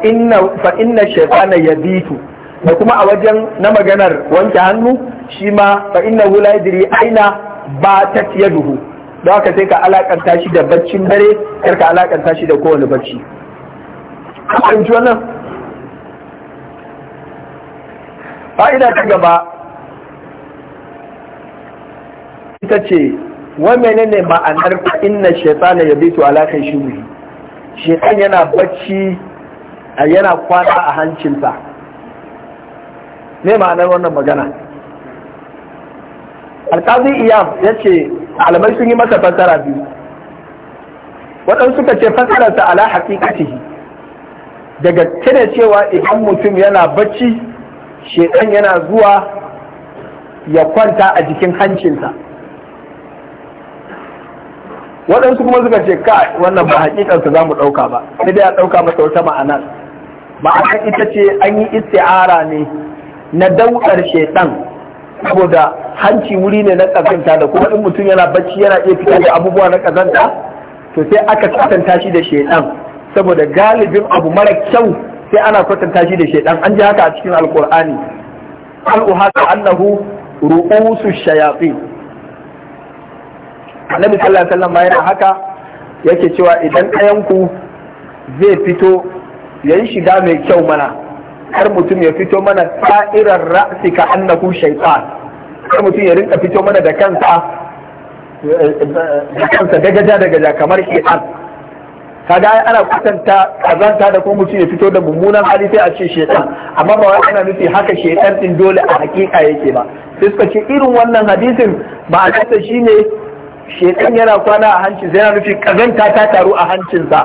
inna shaytana yabitu da kuma a wajen na maganar wanke hannu shi ma fa inna la yadri aina ba ta yaduhu don haka sai ka alakanta shi da baccin dare kar ka alakanta shi da kowane bacci an ji wannan fa'ida ta gaba ita ce wa menene ma'anar fa inna shaytana yabitu ala kai shi shaytan yana bacci yana kwana a hancinsa ne ma'anar wannan magana alkazi iyam ya ce alamai sun yi masa fassara biyu waɗansu suka ce fassararsa ala haƙiƙatihi daga tana cewa idan mutum yana bacci shekan yana zuwa ya kwanta a jikin hancinsa waɗansu kuma suka ce ka wannan ba hakikansa za mu ɗauka ba sai dai ya ɗauka masa wata ma'ana. ma'ana ita ce an yi isti'ara ne na daudar shaitan saboda hanci wuri ne na kazanta da kuma in mutum yana bacci yana iya fitar da abubuwa na kazanta to sai aka kwatanta shi da shaitan saboda galibin abu mara kyau sai ana kwatanta shi da shaitan an ji haka a cikin alkur'ani al'uhaka annahu ru'usu Shayafi. annabi sallallahu alaihi wasallam yana haka yake cewa idan ɗayan zai fito ya yi shiga mai kyau mana har mutum ya fito mana sa'irar ra'si ka annahu shaytan har mutum ya rinka fito mana da kansa eh, eh, da kansa dagaja dagaja kamar shaytan kaga ana kwatanta kazanta da ko mutum ya fito da mummunan hali sai a ce shaytan amma ba wai ana nufi haka shaytan din dole a hakika yake ba sai suka ce irin wannan hadisin ba a kasa shine shaytan yana kwana a hancin sai yana nufi kazanta ta taru a hancinsa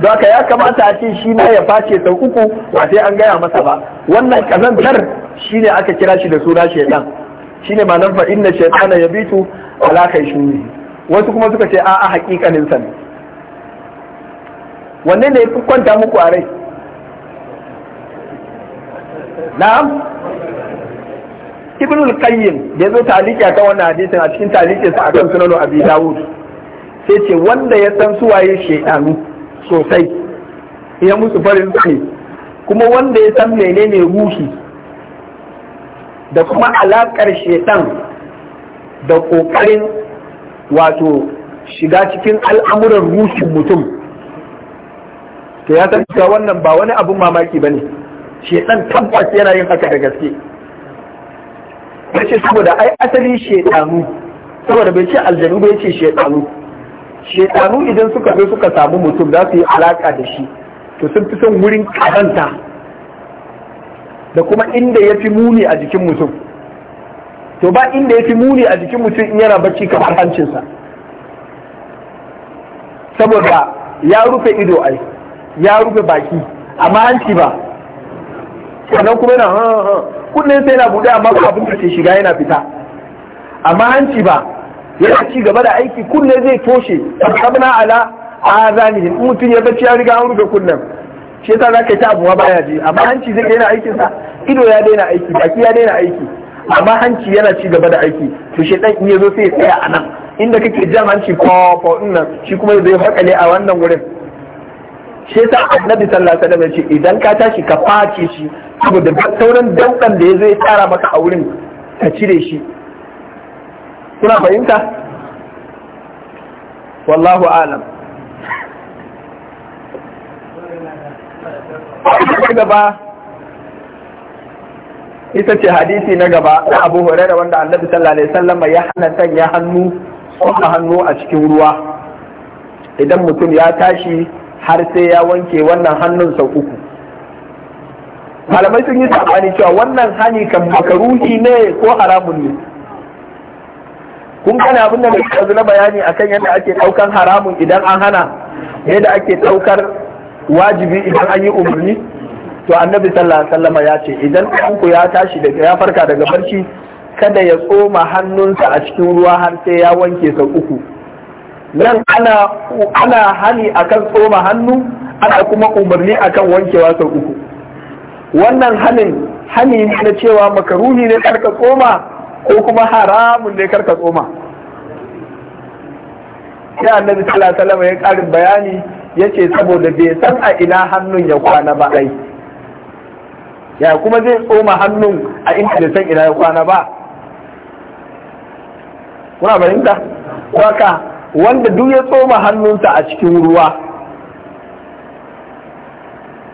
don haka ya kamata a ce shi ya face sau uku ba sai an gaya masa ba wannan kazantar ne aka kira shi da suna shaidan shine ma'anar fa inna shaitana yabitu ala kai ne. wasu kuma suka ce a'a hakikanin sa ne wanne ne fi kwanta muku a rai na'am ibn al-qayyim da zo taliki ta wannan hadisin a cikin talikin sa akan sunan abi dawud sai ce wanda ya san suwaye shaidanu sosai ya musu farin ciki kuma wanda ya san menene ruhi da kuma alakar shetan da ƙoƙarin wato shiga cikin al'amuran rushin mutum to ya san cewa wannan ba wani abin mamaki ba ne shetan tabbas yana yin haka da gaske ya ce saboda ai asali shetanu saboda bai ce aljanu bai ce shetanu shekaru idan suka zo suka samu mutum za su yi alaka da shi to sun fi son wurin karanta da kuma inda ya fi muni a jikin mutum to ba inda ya fi muni a jikin mutum in yana bacci kamar hancinsa saboda ya rufe ido ai ya rufe baki amma hanci ba sannan kuma yana kullum sai yana buɗe amma ba abin da ke shiga yana fita amma hanci ba yana ci gaba da aiki kunne zai toshe sabna ala azanihim in mutum ya bacci ya riga an rufe kunnen shi yasa zaka yi ta abuwa baya ji amma hanci zai daina aikin sa ido ya daina aiki baki ya daina aiki amma hanci yana ci gaba da aiki to dan in yazo sai ya tsaya a nan inda kake jan hanci ko ko nan shi kuma zai hakale a wannan wurin shi yasa annabi sallallahu alaihi wasallam ya ce idan ka tashi ka face shi saboda sauran daukan da yazo ya tsara maka a wurin ka cire shi kuna fahimta wallahu alam gaba ita ce hadisi na gaba na abu da wanda annabi sallallahu alaihi wasallam ya hana sanya hannu kuma hannu a cikin ruwa idan mutum ya tashi har sai ya wanke wannan hannun sau uku malamai sun yi sabani cewa wannan hani kan makaruhi ne ko haramun ne kun kana abin da yanzu na bayani akan yadda ake ɗaukar haramun idan an hana yadda ake ɗaukar wajibi idan an yi umarni to annabi sallallahu alaihi wasallam ya ce idan ku ya tashi daga ya farka daga barci kada ya tsoma hannunsa a cikin ruwa har sai ya wanke sau uku nan ana ana hani akan tsoma hannu ana kuma umarni akan wankewa sau uku wannan hanin hani ne na cewa makaruhi ne karka tsoma ko kuma haramun ne karka tsoma sai annabi sallallahu alaihi wasallam ya karin bayani yace saboda bai san a ina hannun ya kwana ba ai ya kuma zai tsoma hannun a inda da san ina ya kwana ba kuna fahimta Waka, wanda duk ya tsoma hannunsa a cikin ruwa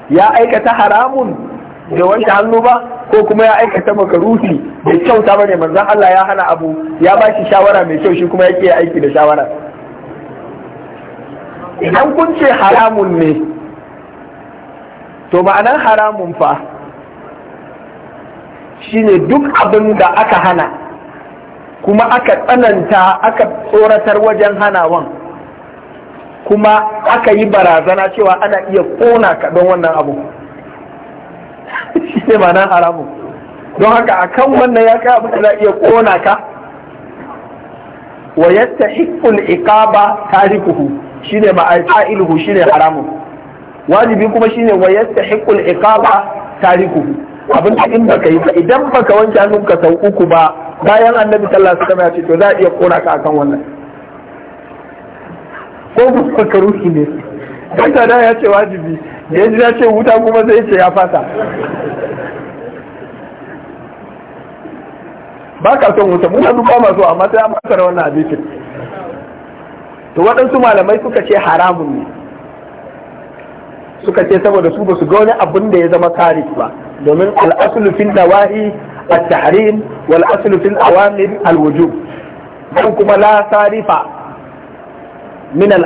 ya aikata haramun da wanke hannu ba ko kuma ya aikata maka ruhi da kyauta bane manzon Allah ya hana abu ya ba shi shawara mai kyau shi kuma yake aiki da shawara idan kun ce haramun ne to ma'anar haramun fa shine duk abin da aka hana kuma aka tsananta aka tsoratar wajen hanawan kuma aka yi barazana cewa ana iya kona ka don wannan abu shi ma nan haramun don haka a kan wannan ya kai abin da iya kona ka wa yadda hikul iqaba tarikuhu shi ne ma'aifa'iluhu shi ne haramun wajibi kuma shi ne wa yadda hikul iqaba tarikuhu abin da in baka yi ba idan baka wanke hannunka sau uku ba bayan annabi sallallahu alaihi wasallam ya ce to za a iya kona ka akan wannan ko ba ka ruhi ne kanta da ya ce wajibi da ya ji ya ce wuta kuma sai ce ya fata ba ka son wuta muna duk masu amma sai amma fasara wannan abincin to waɗansu malamai suka ce haramun ne suka ce saboda su ba su ga wani abin da ya zama tarif ba domin al'asulufin dawahi a tarihin tahrim wal aslu fil awamir al-wujub kuma la sarifa min al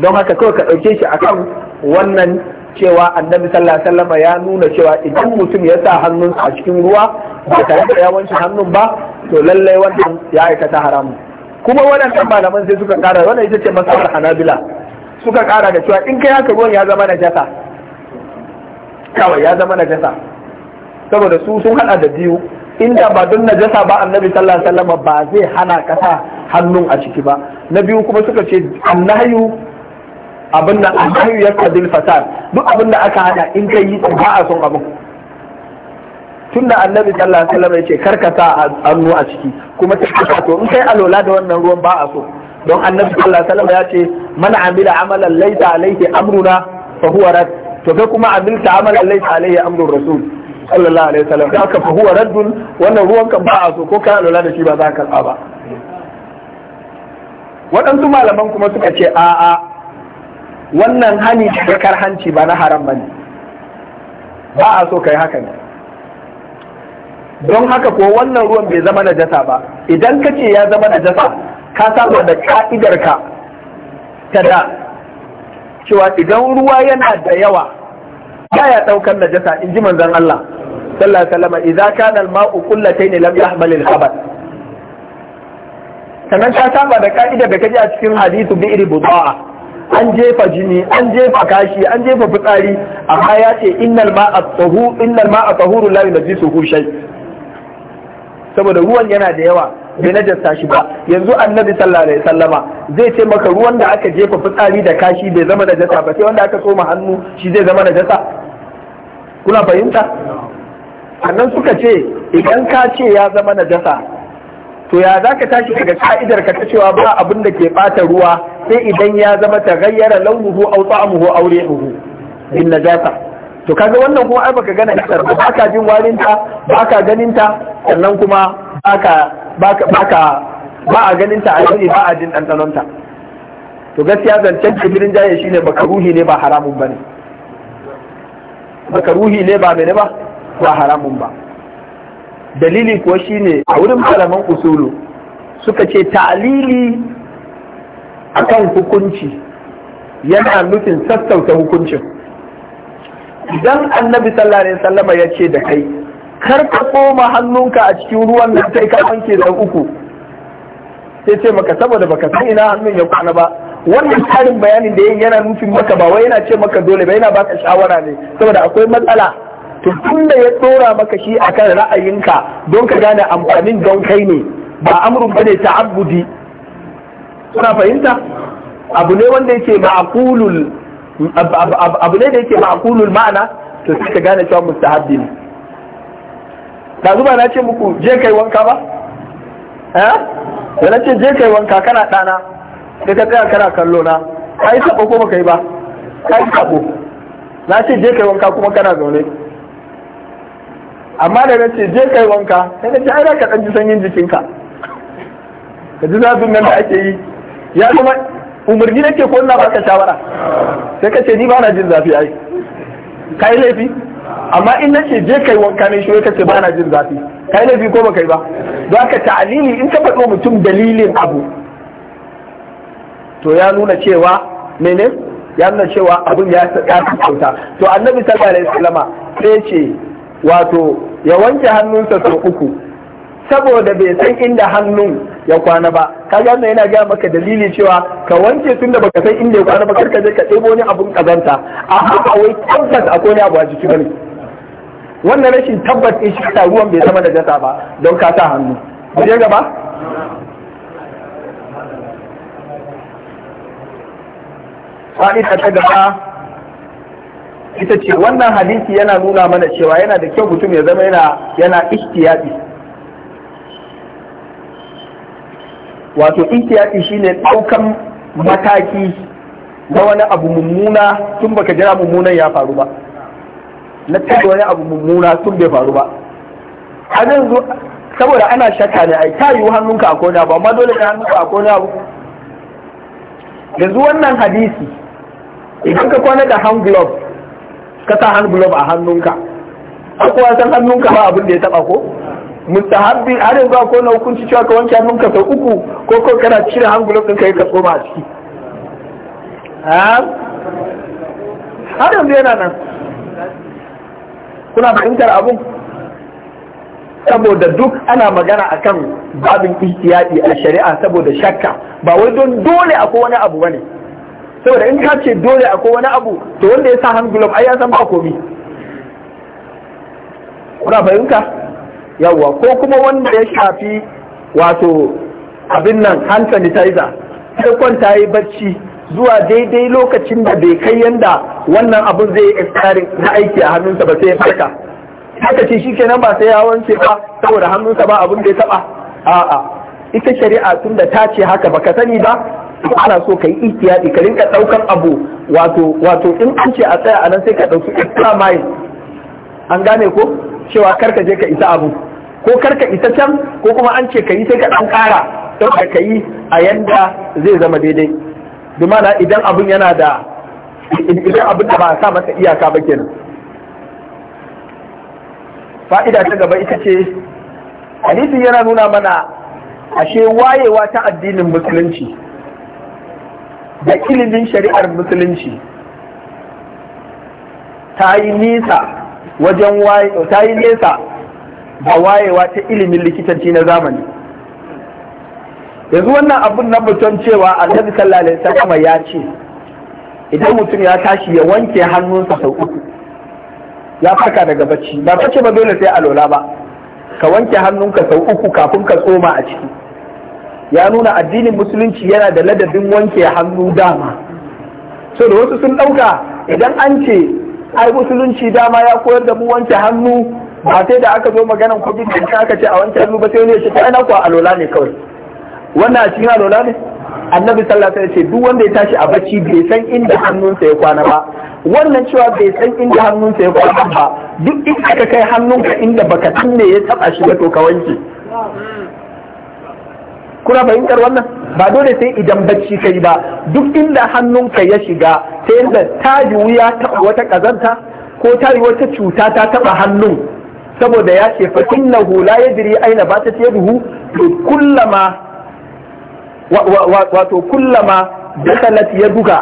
don haka kawai ka ɗauke shi a kan wannan cewa annabi sallallahu alaihi wasallam ya nuna cewa idan mutum ya sa hannun a cikin ruwa ba tare da ya wanke hannun ba to lallai wannan ya aikata haramu kuma waɗannan malaman sai suka ƙara wannan ita ce masalar hanabila suka ƙara da cewa in kai haka ruwan ya zama jasa kawai ya zama jasa saboda su sun hada da biyu inda ba don najasa ba annabi sallallahu alaihi wasallam ba zai hana kasa hannun a ciki ba na biyu kuma suka ce haihu. abin nan an hayu ya kadil fasad duk abin da aka hada in ka yi ba a son abin tunda annabi sallallahu alaihi wasallam yace karkata hannu a ciki kuma ta to in kai alola da wannan ruwan ba a so don annabi sallallahu alaihi wasallam yace man amila amalan laysa alayhi amruna fa huwa rad to kai kuma amilta amalan laysa alayhi amrun rasul sallallahu alaihi wasallam da aka fa huwa raddun wannan ruwan kan ba a so ko kai alola da shi ba za ka karba ba waɗansu malaman kuma suka ce a'a wannan hani da karhanci ba na haram bane ba a so kai haka ne don haka ko wannan ruwan bai zama najasa ba idan ka ce ya zama najasa ka saba da ka'idar ka ta da cewa idan ruwa yana da yawa baya daukar najasa in ji manzon Allah sallallahu alaihi wasallam idza kana al-ma'u qullatayn lam yahmal al-khabath sannan ka saba da ka'idar da kaji a cikin hadithu bi iri budaa an jefa jini an jefa kashi an jefa fitsari amma ya ce innal a tahuru innal ma'a tahuru la su hushai saboda ruwan yana da yawa bai na jasta shi ba yanzu annabi sallallahu alaihi sallama zai ce maka ruwan da aka jefa fitsari da kashi bai zama jasa ba sai wanda aka soma hannu shi zai zama jasa. kuna fahimta annan suka ce idan ka ce ya zama na jasa to ya za ka tashi daga ka'idar ka ta cewa ba abin da ke bata ruwa sai idan ya zama ta gayyara launuhu aw ta'amuhu aw rihuhu bin najasa to kaga wannan kuma ai baka gana isar ba ka jin warin ta ba ka ganin ta sannan kuma baka baka baka ba a ganin ta a ba a jin dandanon ta to gaskiya zancen kibirin jaye shine baka ruhi ne ba haramun bane baka ruhi ne ba mene ba ba haramun ba dalili kuwa shine a wurin malaman usulu suka ce ta'lili akan hukunci yana nufin sassauta hukuncin idan annabi sallallahu alaihi wasallama ya ce da kai kar ka koma hannunka a cikin ruwan nan sai ka wanke da uku sai ce maka saboda baka san ina hannun ya kwana ba wannan tsarin bayanin da yin yana nufin maka ba wai yana ce maka dole ba yana baka shawara ne saboda akwai matsala to tunda ya tsora maka shi a kan ra'ayinka don ka gane amfanin don kai ne ba amrun bane abudi kuna fahimta abu ne wanda yake ma'akulul abu ne da yake ma'akulul ma'ana to sai ka gane cewa mustahabbi ne da zuba na ce muku je kai wanka ba eh da na ce je kai wanka kana dana sai ka tsaya kana kallo na kai sabo ko baka yi ba kai sabo na ce je kai wanka kuma kana zaune amma da na ce je kai wanka sai ka ce ai ka dan ji sanyin jikinka ka ji zafin nan da ake yi ya kuma umarni nake ko ina baka shawara sai ka ce ni ba na jin zafi ai kai laifi amma in ce je kai wanka ne shi ka ce ba na jin zafi kai laifi ko ba kai ba don haka ta'alili in ka faɗo mutum dalilin abu to ya nuna cewa mene ya nuna cewa abin ya tsaka kyauta to annabi sallallahu alaihi wasallama sai ce wato ya wanke hannunsa sau uku saboda bai san inda hannun ya kwana ba ka ga yana gaya maka dalili cewa ka wanke tun da baka san inda ya kwana ba kar ka je ka ɗebo wani abun kazanta a haka wai tabbas akwai ne abu a jiki bane wannan rashin tabbas din shi ruwan bai zama da gasa ba don ka sa hannu mu je gaba ta gaba ita ce wannan hadisi yana nuna mana cewa yana da kyau mutum ya zama yana yana ihtiyadi wato shi shine daukan mataki na wani abu mummuna tun baka jira mummunan ya faru ba na tada wani abu mummuna tun bai faru ba a nan zo saboda ana shakka ne ai ta yiwu hannunka a kona ba amma dole ka hannunka a kona ba yanzu wannan hadisi idan ka kwana da hand glove ka sa hand glove a hannunka akwai san hannunka ba abin da ya taba ko mustahabbi har yanzu ko na hukunci cewa ka wanke ka sau uku ko ko kana cire ɗin ka yi ka tsoma a ciki har yanzu yana nan kuna fahimtar abun saboda duk ana magana akan babin ihtiyadi a shari'a saboda shakka ba wai don dole akwai wani abu bane saboda in ka ce dole akwai wani abu to wanda ya sa hand glove ai ya san ba komi kuna fahimta yawwa ko kuma wanda ya shafi wato abin nan hand sanitizer ta kwanta yi bacci zuwa daidai lokacin da bai kai yanda wannan abin zai yi na aiki a hannunsa ba sai ya farka haka ce shi kenan ba sai ya wance ba saboda hannunsa ba abin da ya taba a'a ita shari'a tun da ta ce haka baka sani ba ana so ka yi ihtiyadi ka rinka daukan abu wato wato in an ce a tsaya anan sai ka dauki extra mile an gane ko cewa kar ka je ka isa abu ko karka isa can ko kuma an ce ka yi sai ka ɗan ƙara don ka ka yi a yanda zai zama daidai bi idan abin yana da idan abin da ba a sa masa iyaka ba kenan fa'ida ta gaba ita ce hadisin yana nuna mana ashe wayewa ta addinin musulunci da ilimin shari'ar musulunci ta yi nisa wajen waye. ta yi nesa ba wayewa ta ilimin likitanci na zamani yanzu wannan abun na mutum cewa annabi sallallahu alaihi wasallam ya ce idan mutum ya tashi ya wanke hannunsa sau uku ya farka daga bacci ba bacci ba dole sai a lola ba ka wanke hannunka sau uku kafin ka tsoma a ciki ya nuna addinin musulunci yana da ladabin wanke hannu dama so da wasu sun ɗauka idan an ce ai musulunci dama ya koyar da mu wanke hannu ba sai da aka zo maganan kudi da aka ce a wancan ba sai wani ya ce ta na kuwa alola ne kawai wannan a cikin alola ne annabi sallallahu alaihi wasallam ce duk wanda ya tashi a bacci bai san inda hannunsa ya kwana ba wannan cewa bai san inda hannunsa ya kwana ba duk inda ka kai hannunka inda baka tunne ya taba shi ba to ka wanke kuna fahimtar wannan ba dole sai idan bacci kai ba duk inda hannunka ya shiga sai inda ta wuya ta wata kazanta ko ta wata cuta ta taba hannun saboda ya ce fa innahu la yadri aina batat yaduhu to kullama wato kullama dakalat yaduka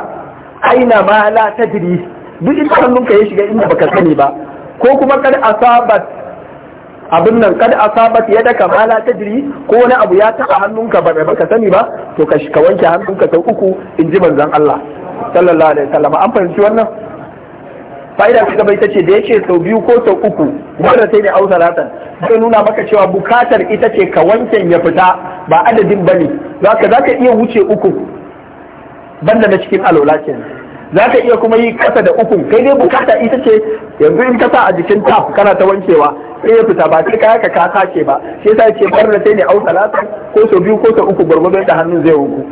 aina ma la tadri duk inda hannunka ya shiga inda baka sani ba ko kuma kad asabat abin nan kad asabat daka ma la tadri ko wani abu ya taba hannunka ba baka sani ba to ka wanke hannunka sau uku in ji manzon Allah sallallahu alaihi wasallam an fahimci wannan fa'ida ta gaba ita ce da yake sau biyu ko sau uku wanda sai ne au salatan zai nuna maka cewa bukatar ita ce ka wancan ya fita ba adadin ba ne zaka zaka iya wuce uku banda na cikin alola kenan za ka iya kuma yi kasa da uku kai dai bukata ita ce yanzu in kasa a jikin ta kana ta wankewa sai ya fita ba sai ka ka ka sace ba shi yasa ce barna sai ne au salatan ko sau biyu ko sau uku gurgurdan da hannun zai wuku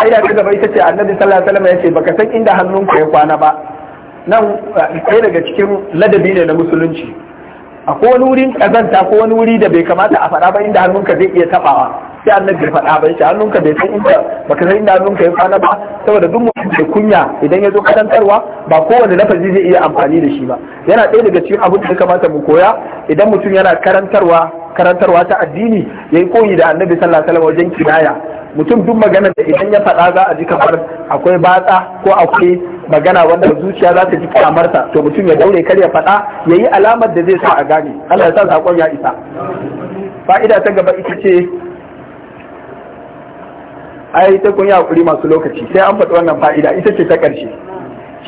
aida ta gaba ita ce annabi sallallahu alaihi wasallam ya ce baka san inda hannunka ya kwana ba nan eh, ɗaya daga cikin ladabi ne na musulunci A ko wani wurin kazanta ko wani wuri da bai kamata a faɗa ba inda hannunka zai iya tabawa sai annabi ya faɗa ba shi hannunka bai san inda baka san inda hannunka ya kwana ba saboda duk mutum da kunya idan ya zo karantarwa ba kowane lafazi zai iya amfani da shi ba yana ɗaya daga cikin abin da ya kamata mu koya idan mutum yana karantarwa karantarwa ta addini yayi koyi da annabi sallallahu alaihi wasallam wajen kinaya mutum duk magana da idan ya faɗa za a ji kamar akwai batsa ko akwai magana wanda zuciya za ta ji kamarta to mutum ya daure kar ya faɗa ya yi alamar da zai sa a gane Allah ya sa sakon ya isa fa'ida ta gaba ita ce ai ta kun yi masu lokaci sai an faɗi wannan fa'ida ita ce ta ƙarshe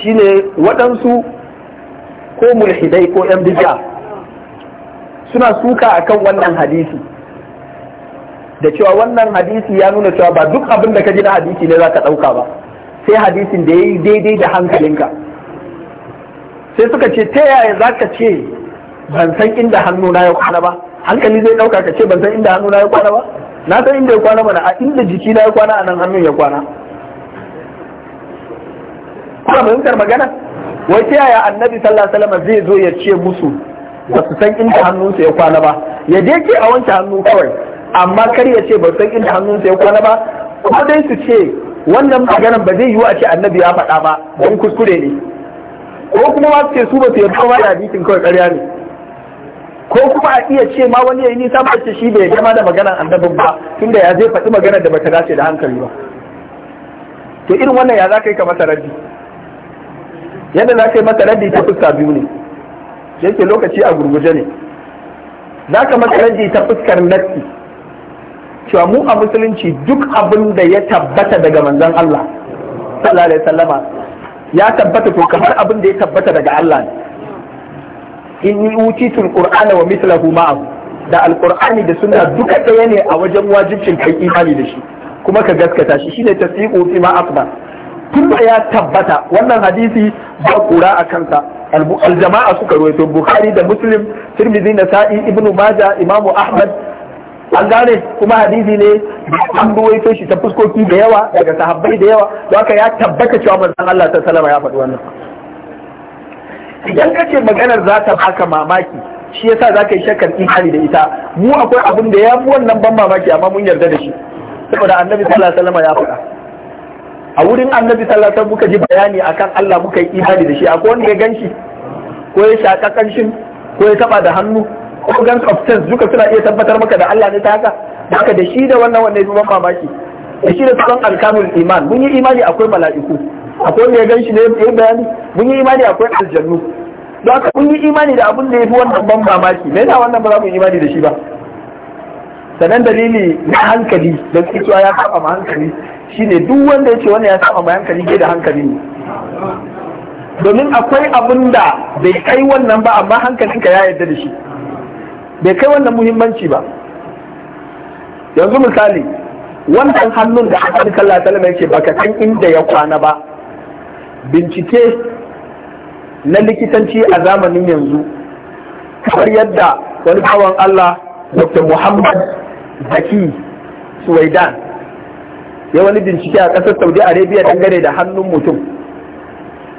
shine waɗansu ko mulhidai ko yan bija suna suka akan wannan hadisi da cewa wannan hadisi ya nuna cewa ba duk abin da ka ji na hadisi ne za ka ɗauka ba sai hadisin da ya yi daidai da hankalinka sai suka ce ta yaya za ka ce ban san inda hannuna ya kwana ba hankali zai ɗauka ka ce ban san inda hannuna ya kwana ba na san inda ya kwana mana a inda jikina ya kwana a nan hannun ya kwana kuna fahimtar magana wai ta yaya annabi sallallahu alaihi wasallam zai zo ya ce musu ba su san inda hannunsa ya kwana ba ya je ke a wanke hannu kawai amma kar ya ce ba san inda hannunsa ya kwana ba ko dai su ce wannan maganan ba zai yiwu a ce annabi ya faɗa ba don kuskure ne ko kuma ba su ce su ba su yarda ba da hadisin kawai ƙarya ne ko kuma a iya ce ma wani ya yi nisa ba ce shi bai yarda da maganan annabin ba tunda ya zai faɗi maganar da bata dace da hankali ba to irin wannan ya za ka yi ka masa raddi yadda za ka yi masa raddi ta fuska biyu ne yake lokaci a gurguje ne za ka masa raddi ta fuskar nassi cewa mu a musulunci duk abin da ya tabbata daga manzon Allah sallallahu alaihi wasallama ya tabbata to kamar abin da ya tabbata daga Allah ne inni utitul qur'ana wa mithlahu ma'ahu da alqur'ani da sunna duka ɗaya ne a wajen wajibcin kai imani da shi kuma ka gaskata shi shine tasdiqu fi ma Tun da ya tabbata wannan hadisi ba ƙura a kansa aljama'a suka ruwaito bukhari da muslim tirmidhi nasa'i ibnu majah imamu ahmad an gane kuma hadisi ne an ruwaito shi ta fuskoki da yawa daga sahabbai da yawa don aka ya tabbata cewa manzon Allah ta ya faɗi wannan idan kace maganar za ta baka mamaki shi yasa za ka yi shakkar imani da ita mu akwai abin da ya fi wannan ban mamaki amma mun yarda da shi saboda annabi sallallahu alaihi wasallam ya faɗa a wurin annabi sallallahu alaihi muka ji bayani akan Allah muka yi imani da shi akwai wanda ya ganshi ko ya shaka kanshin ko ya taba da hannu Organ of sense duka suna iya tabbatar maka da Allah ne ta haka da haka da shi da wannan wanda ya ban mamaki da shi da sauran alkamul iman mun yi imani akwai mala'iku akwai wanda ya gan shi ne ya bayani mun yi imani akwai aljannu don haka mun yi imani da abin da ya fi wannan ban mamaki me yasa wannan ba za mu yi imani da shi ba sanan dalili na hankali da cewa ya saba ma hankali shine duk wanda ya ce wannan ya saba ma hankali ke da hankali ne domin akwai abin da bai kai wannan ba amma hankalinka ya yarda da shi bai kai wannan muhimmanci ba yanzu misali wannan hannun da aka sallallahu alaihi wasallam yake baka kan inda ya kwana ba bincike na likitanci a zamanin yanzu kamar yadda wani kawan Allah Dr. Muhammad Zaki Suwaidan ya wani bincike a ƙasar Saudi Arabia dangane da hannun mutum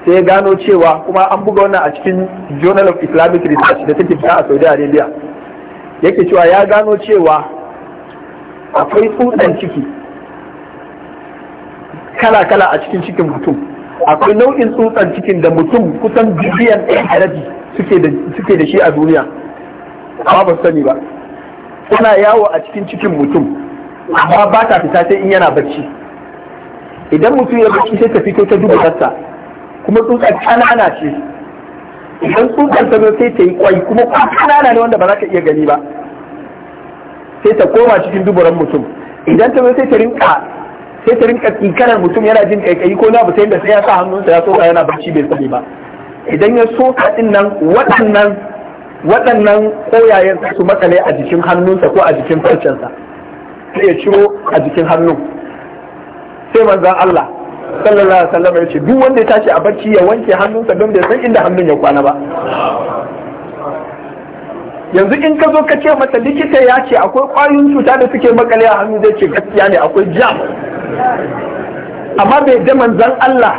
sai ya gano cewa kuma an buga wannan a cikin Journal of Islamic Research da take fita a Saudi Arabia yake cewa ya gano cewa akwai tsutsan ciki kala-kala a cikin cikin mutum akwai nau'in tsutsan cikin da mutum kusan biliyan ɗaya haraji suke da shi a duniya amma ba sani ba tana yawo a cikin cikin mutum amma ba ta fita sai in yana bacci idan mutum ya bacci sai ta fito ta dubutarsa kuma tsutsan ƙanana ce idan tsutsan ta zo sai ta yi kwai kuma ƙanana ne wanda ba za ka iya gani ba sai ta koma cikin duburan mutum idan ta zo sai ta rinka sai ta rinka kikanar mutum yana jin kaikayi ko na ba sai da sai ya sa hannunsa ya soka yana barci bai sani ba idan ya soka din nan waɗannan waɗannan koyayen su makale a jikin hannunsa ko a jikin farcensa sai ya ciro a jikin hannun sai manzan Allah sallallahu alaihi wasallam ya ce duk wanda ya tashi a barci ya wanke hannunsa don bai san inda hannun ya kwana ba yanzu in ka zo ka ce mata likita ya ce akwai ƙwayoyin cuta da suke makale a hannu zai ce gaskiya ne akwai jam amma bai da manzan Allah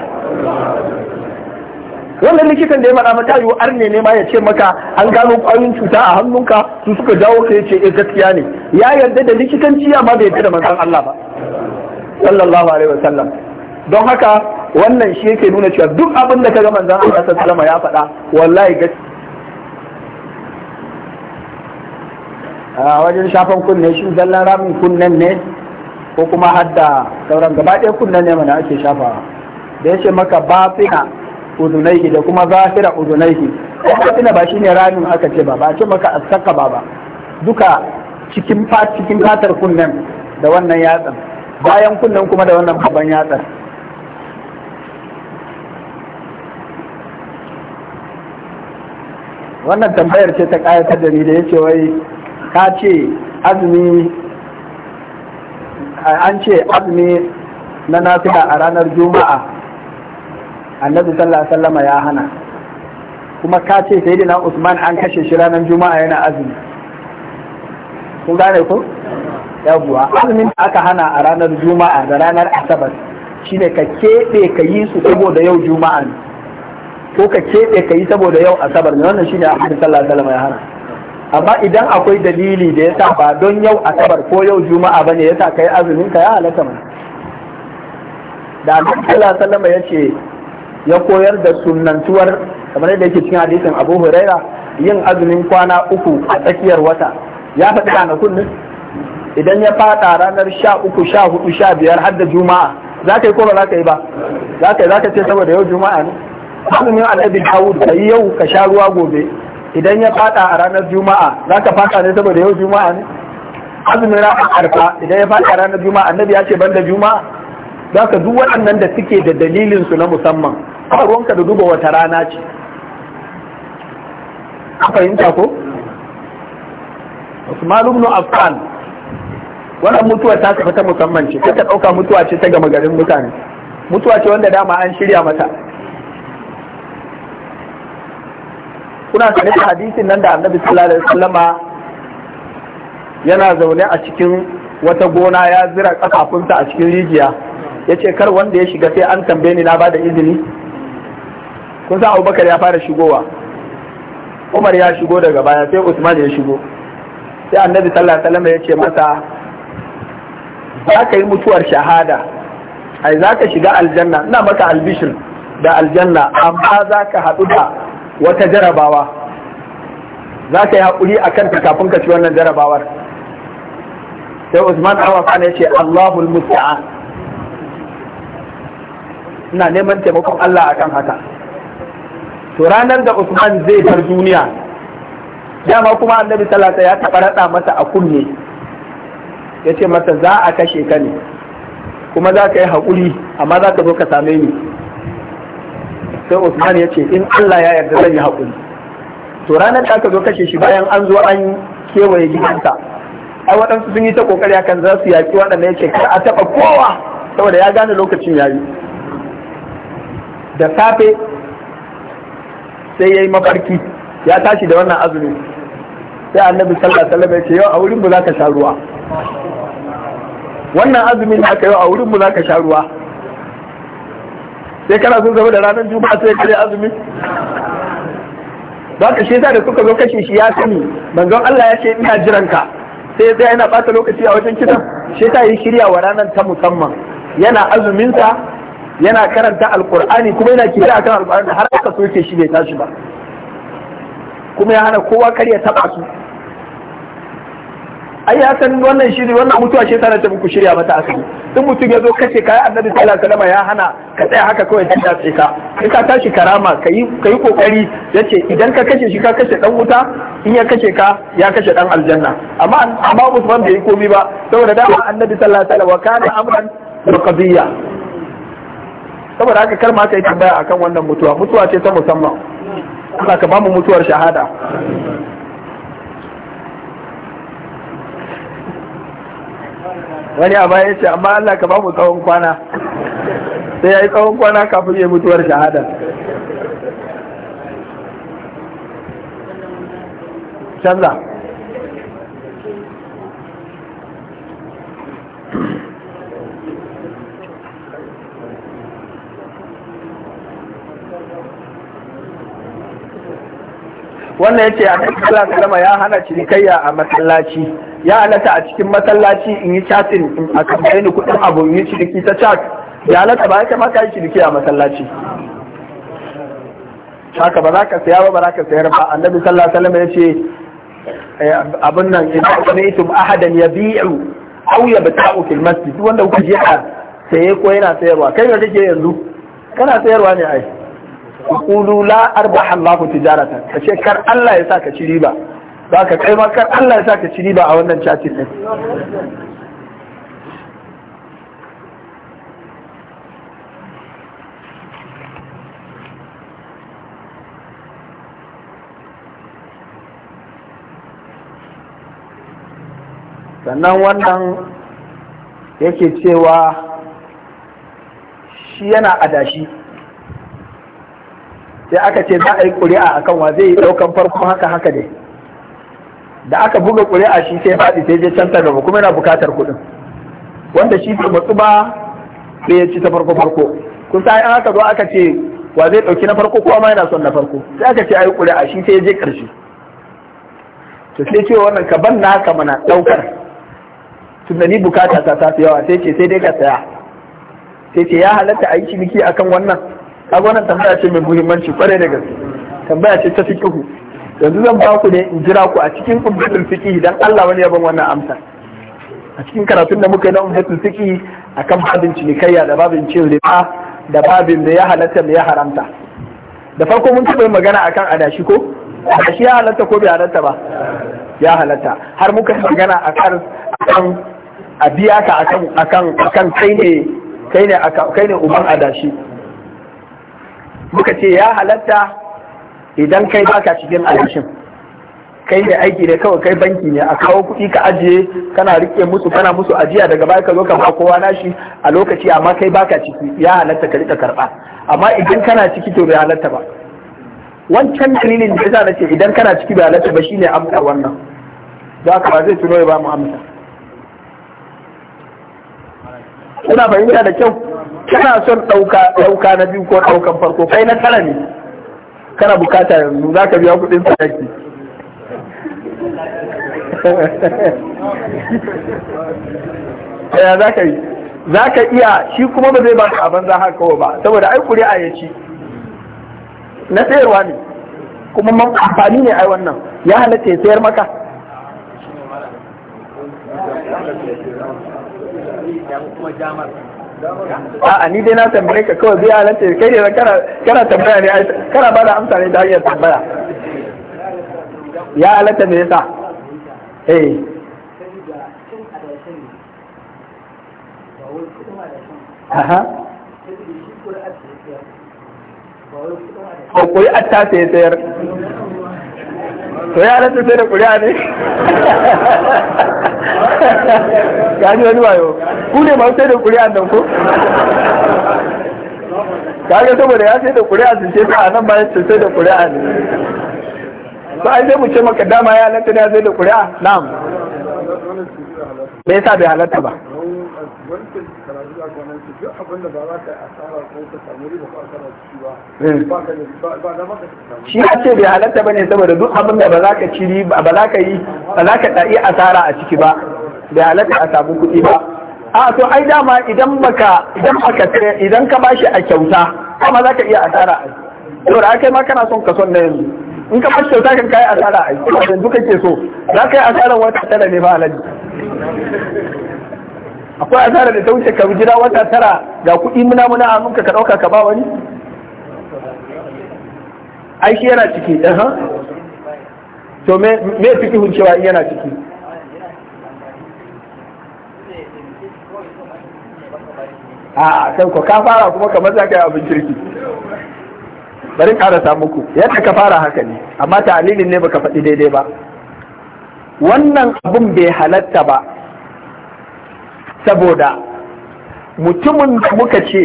wannan likitan da ya mara mata yiwu arne ne ma ya ce maka an gano kwayoyin cuta a hannunka su suka jawo ka ce eh gaskiya ne ya yarda da likitanci amma bai yarda da manzon Allah ba sallallahu alaihi wasallam don haka wannan shi yake nuna cewa duk abin da kaga manzon Allah sallallahu alaihi ya faɗa wallahi gaskiya a wajen shafan kunne shi zallan ramin kunnen ne ko kuma hadda sauran gaba ɗaya kunnen ne mana ake shafawa da ya ce maka batina uzunaihi da kuma zahira uzunaihi batina ba shine ramin aka ce ba ba ce maka asaka ba ba duka cikin fatar kunnen da wannan yatsan bayan kunnen kuma da wannan babban yatsan wannan tambayar ce ta kayatar da ni da ya ce wai ta ce azumi an ce azumi na nafila a ranar juma'a annabi sallallahu alaihi wasallama ya hana kuma ka ce sayyidina usman an kashe shi ranar juma'a yana azumi Ku gane ko yabuwa. azumin da aka hana a ranar juma'a da ranar asabar shine ka keɓe ka yi su saboda yau juma'a ko ka keɓe ka yi saboda yau asabar ne wannan shine annabi sallallahu alaihi wasallam ya hana amma idan akwai dalili da yasa ba don yau asabar ko yau juma'a bane yasa kai azumin ka ya halatta mana da Allah sallama ya ce ya koyar da sunnantuwar kamar yadda yake cikin hadisin Abu Huraira yin azumin kwana uku a tsakiyar wata ya faɗi ranakun ne idan ya fada ranar sha uku sha hudu sha biyar har da juma'a za ka yi ko ba za ka yi ba za ka yi za ka ce saboda yau juma'a ne azumin al'adin hawud ka yi yau ka sha ruwa gobe idan ya fada a ranar juma'a za ka fada ne saboda yau juma'a ne azumin ranar arfa idan ya fada a ranar juma'a annabi ya ce ban da juma'a za ka duk waɗannan da suke da dalilin su na musamman a ruwanka da duba wata rana ce a fahimta ko Usman ibn Affan wannan mutuwa ta tafi ta musamman ce ta ɗauka mutuwa ce ta gama garin mutane mutuwa ce wanda dama an shirya mata kuna da hadisin nan da annabi sallallahu alaihi wasallama yana zaune a cikin wata gona ya zira kafafunsa a cikin rijiya ya ce kar wanda ya shiga sai an tambaye ni na ba da izini kun san abubakar ya fara shigowa umar ya shigo daga baya sai usman ya shigo sai annabi sallallahu alaihi wasallam ya ce masa za ka yi mutuwar shahada ai za ka shiga aljanna ina maka albishir da aljanna amma za ka haɗu da wata jarabawa za ka yi haƙuri a kanta kafin ka ci wannan jarabawar sai usman awafa ne ce allahul Musa'a ina neman taimakon allah akan haka to ranar da usman zai bar duniya dama kuma annabi sallallahu ya taɓa raɗa masa a kunne ya ce masa za a kashe ka ne kuma za ka yi haƙuri amma za ka zo ka same ni sai Usman ya ce in Allah ya yarda zan yi haƙuri to ranar da aka zo kashe shi bayan an zo an kewaye gidansa ai waɗansu sun yi ta kokari akan za su yaƙi waɗanda yake kar a taɓa kowa saboda ya gane lokacin yayi da safe sai ya yi mafarki ya tashi da wannan azumi sai annabi sallallahu alaihi wasallam ya ce yau a wurin mu za ka sha ruwa wannan azumin da aka yau a wurin mu za ka sha ruwa sai kana sun zama da ranar juma'a sai kare azumi ba ka shi da kuka zo kashe shi ya sani manzon Allah ya ce ina jiran ka sai tsaya yana bata lokaci a wajen kitan shi ta yi shirya wa ranar ta musamman yana azuminsa yana karanta alkur'ani kuma yana kira akan alkur'ani har aka soke shi bai tashi ba kuma ya hana kowa kar ya taba su ai ya san wannan shiri wannan mutuwa ce tana ta muku shirya mata asali Tun mutum ya zo kace kai annabi sallallahu alaihi wasallam ya hana ka tsaya haka kawai dan da ka in ka tashi karama kai kai kokari yace idan ka kashe shi ka kashe dan wuta in ya kashe ka ya kashe dan aljanna amma amma Usman bai yi komai ba saboda da annabi sallallahu alaihi wasallam wa kana amran qadiyya saboda haka kar ma kai tambaya akan wannan mutuwa mutuwa ce ta musamman Allah ka ba mu mutuwar shahada wani a baya ce amma Allah ka ba mu tsawon kwana sai ya yi tsawon kwana kafin ya mutuwar shahada canza wannan yace a cikin sallama ya hana cinikayya a masallaci ya halatta a cikin masallaci in yi chatin a kamfani ni kudin abu in yi ciniki ta chat ya halatta ba ya kamata yi ciniki a masallaci haka ba za ka saya ba ba za ka sayar ba annabi sallallahu alaihi wasallam yace eh, abin nan idan sami'tum ahadan yabi'u aw yabta'u fil masjid wanda kuka je a saye ko yana sayarwa kai ne kake yanzu kana sayarwa ne ai kulu la arbaha Allahu tijaratan ce kar Allah ya saka ci riba ka kai ma kar Allah ya saka ci riba a wannan chatin din sannan wannan yake cewa shi yana adashi sai aka ce za a yi ƙuri'a akan wa zai yi ɗaukan farko haka haka ne da aka buga ƙuri'a shi sai faɗi sai je can gaba kuma yana buƙatar kuɗin wanda shi ba matsu ba sai ya ci ta farko farko kun sa an aka zo aka ce wa zai ɗauki na farko kowa ma yana son na farko sai aka ce a yi ƙuri'a shi sai ya je ƙarshe to sai ce wannan ka ban na mana ɗaukar tunda ni bukata ta ta yawa sai ce sai dai ka saya sai ce ya halatta a yi ciniki akan wannan kaga wannan tambaya ce mai muhimmanci kwarai da gaske tambaya ce ta fiqhu yanzu zan ba ku ne in jira ku a cikin umdatul fiqhi dan Allah wani ya ban wannan amsa a cikin karatun da muka yi na umdatul fiqhi akan babin cinikayya da babin cin riba da babin da ya halatta da ya haramta da farko mun taɓa magana akan adashi ko adashi ya halatta ko bai halatta ba ya halatta har muka yi magana akan akan a biya ka akan akan akan kai ne kai ne kai ne uban adashi muka ce ya halatta idan kai baka cikin alashin kai da aiki ne kawai kai banki ne a kawo kuɗi ka ajiye kana rike musu kana musu ajiya daga baya ka zo ka ba kowa nashi a lokaci amma kai baka ciki ya halatta ka rika karɓa amma idan kana ciki to bai halatta ba wancan dalilin da yasa nace idan kana ciki bai halatta ba shine amsa wannan Za ka ba zai tuno ya ba mu amsa kuna fahimta da kyau kana son ɗauka ɗauka na biyu ko ɗaukan farko kai na tara ne kana bukata yanzu za ka biya kuɗin sadaki ya za ka yi za ka iya shi kuma ba zai ba ka abin za haka ba saboda ai kuri'a ya ci na sayarwa ne kuma man amfani ne ai wannan ya halatta ya sayar maka kuma jamar. a'a ni dai na tambaye ka kawai zai halatta kai ne kana tambaya ne kana ba da amsa ne da hanyar tambaya ya halatta me yasa eh aha ko kuri atta sai sayar to ya halatta sai da kuri'a ne gani wani wayo ku ne masu sai da kuri'an nan ko kaga saboda ya sai da kuri'a sun ce ta nan bayan sun sai da kuri'a ne ba ai sai mu ce maka dama ya halatta ne ya sai da kuri'a na'am me yasa bai halatta ba duk abin da ba za ka asara ko ka samu riba ko asara eh. shi ba ba ka ba da maka shi ya ce bai halatta bane saboda duk abin da ba za ka ciri ba za ka yi ba za ka yi asara a ciki ba bai halatta a samu kuɗi ba a to ai dama idan baka idan aka idan ka bashi a kyauta kuma za ka iya asara a ciki. to da kai ma kana son ka son na yanzu in ka bashi kyauta kan kai asara a ciki yanzu kake so za ka yi asaran wata tara ne ba alaji akwai asara da ta wuce ka jira wata tara ga kuɗi muna muna a ka ɗauka ka ba wani ai shi yana ciki ɗan to me hun cewa yana ciki a kan ka fara kuma kamar za ka yi abin kirki bari karasa muku yadda ka fara haka ne amma alilin ne baka faɗi daidai ba wannan abun bai halatta ba saboda mutumin da muka ce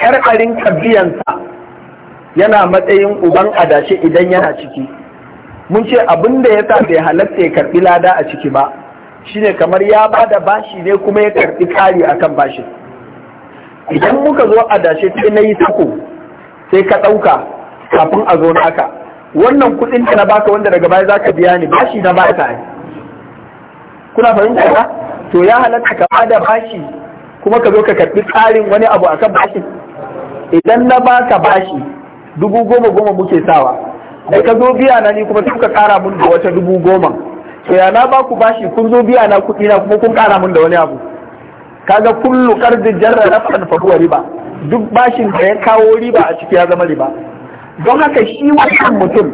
karɓarin kabiyansa yana matsayin uban adashi idan yana ciki mun ce abin da ya sa bai halatta ya karɓi lada a ciki ba shine kamar ya ba da bashi ne kuma ya karɓi kari akan bashi. idan muka zo adashi sai na yi tako sai ka ɗauka kafin a zo naka wannan kuɗin da na baka wanda daga baya za ka biya ni bashi na ba kuna fahimta ba to ya halatta ka bada bashi kuma ka zo ka karbi tsarin wani abu akan bashi idan na baka bashi dubu goma goma muke sawa da ka zo biya na ni kuma suka kara mun da wata dubu goma to ya na baku bashi kun zo biya na kuɗi na kuma kun kara mun da wani abu kaga kullu qardin jarra nafan fa huwa riba duk bashin da ya kawo riba a ciki ya zama riba don haka shi wannan mutum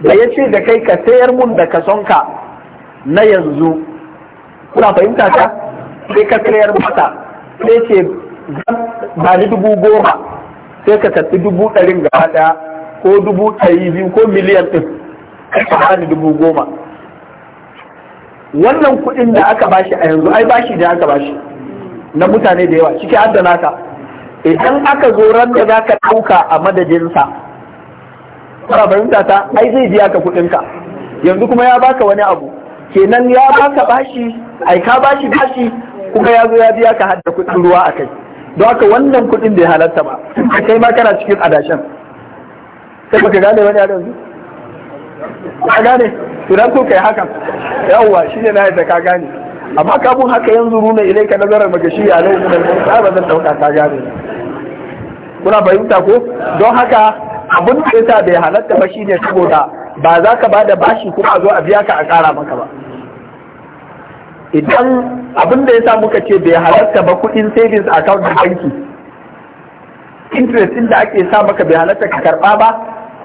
da ya ce da kai ka sayar mun da ka na yanzu kuna fahimta ta sai ka tsayar mata sai ce ba ni dubu goma sai ka tafi dubu ɗarin gaba ɗaya ko dubu ɗari biyu ko miliyan ɗin ka ba ni dubu goma wannan kuɗin da aka bashi a yanzu ai bashi da aka bashi na mutane da yawa ciki adda naka idan aka zo ran da za ka ɗauka a madadinsa kana fahimta ta ai zai biya ka kuɗinka yanzu kuma ya baka wani abu kenan ya baka bashi ai ka bashi bashi kuma ya zo ya biya ka hadda kudin ruwa a kai don haka wannan kuɗin bai halatta ba a kai ma kana cikin adashin sai baka gane wani a yanzu ka gane idan ko kai hakan yawwa ne na yadda ka gane amma ka mun haka yanzu nuna ilai ka nazarar shi a nan da ba ba zan dauka ka gane kuna fahimta ko don haka abin da bai halatta ba shine saboda ba za ka da bashi kuma a zo a biya ka a kara maka ba idan abin da yasa muka ce bai halarta ba kuɗin savings account da banki interest da ake sa maka bai halarta ka karɓa ba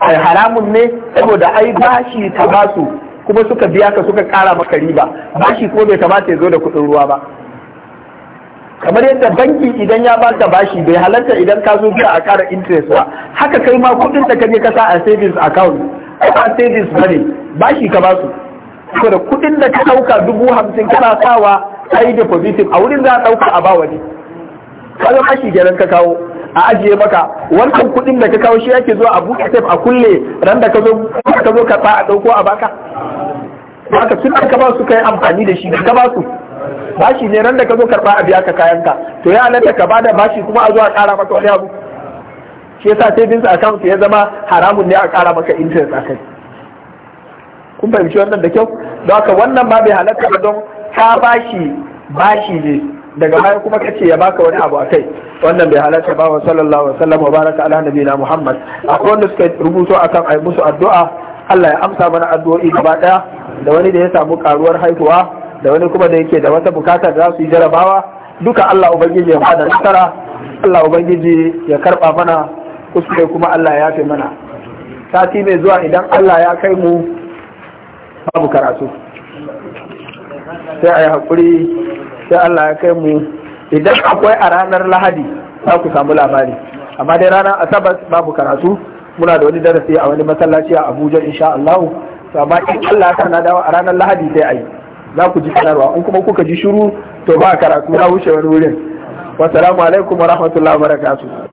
ai haramun ne saboda ai bashi ta basu kuma suka biya ka suka kara maka riba bashi ko bai kamata ya zo da kuɗin ruwa ba kamar yadda banki idan ya baka bashi bai halarta idan ka zo biya a kara interest ba haka kai ma kuɗin da ka je ka sa a savings account ai ba savings bane bashi ka basu saboda kuɗin da ka ɗauka dubu hamsin kana sawa a yi deposit a wurin za a ɗauka a bawa ne Kano kashi kenan ka kawo a ajiye maka wancan kuɗin da ka kawo shi yake zuwa a buɗe tef a kulle ran da ka zo ka zo ka a ɗauko a baka haka tun da ka ba su kai amfani da shi da ka ba su bashi ne ran da ka zo karɓa a biya ka kayan ka to ya halatta ka bada bashi kuma a zo a ƙara maka wani abu shi yasa savings account ya zama haramun ne a ƙara maka interest a kai kun fahimci wannan da kyau don haka wannan ba bai halatta ba don ka bashi bashi ne daga baya kuma ka ce ya baka wani abu a kai wannan bai halatta ba wa sallallahu alaihi wasallam wa baraka ala nabiyina muhammad akwai wanda suka rubuto akan ai musu addu'a Allah ya amsa mana addu'o'i gaba daya da wani da ya samu karuwar haihuwa da wani kuma da yake da wata bukata da za su yi jarabawa duka Allah ubangiji ya fada nasara Allah ubangiji ya karba mana kuskure kuma Allah ya yafe mana sati mai zuwa idan Allah ya kai mu babu karatu sai a yi haƙuri sai Allah ya kai mu idan akwai a ranar lahadi za ku samu labari amma dai ranar asabar babu karatu muna da wani darasi a wani masallaci a abuja insha Allah amma in Allah ya na dawo a ranar lahadi sai a yi za ku ji sanarwa in kuma kuka ji shiru to ba karatu na wuce wani wurin wasu alaikum wa rahmatullahi wa barakatuh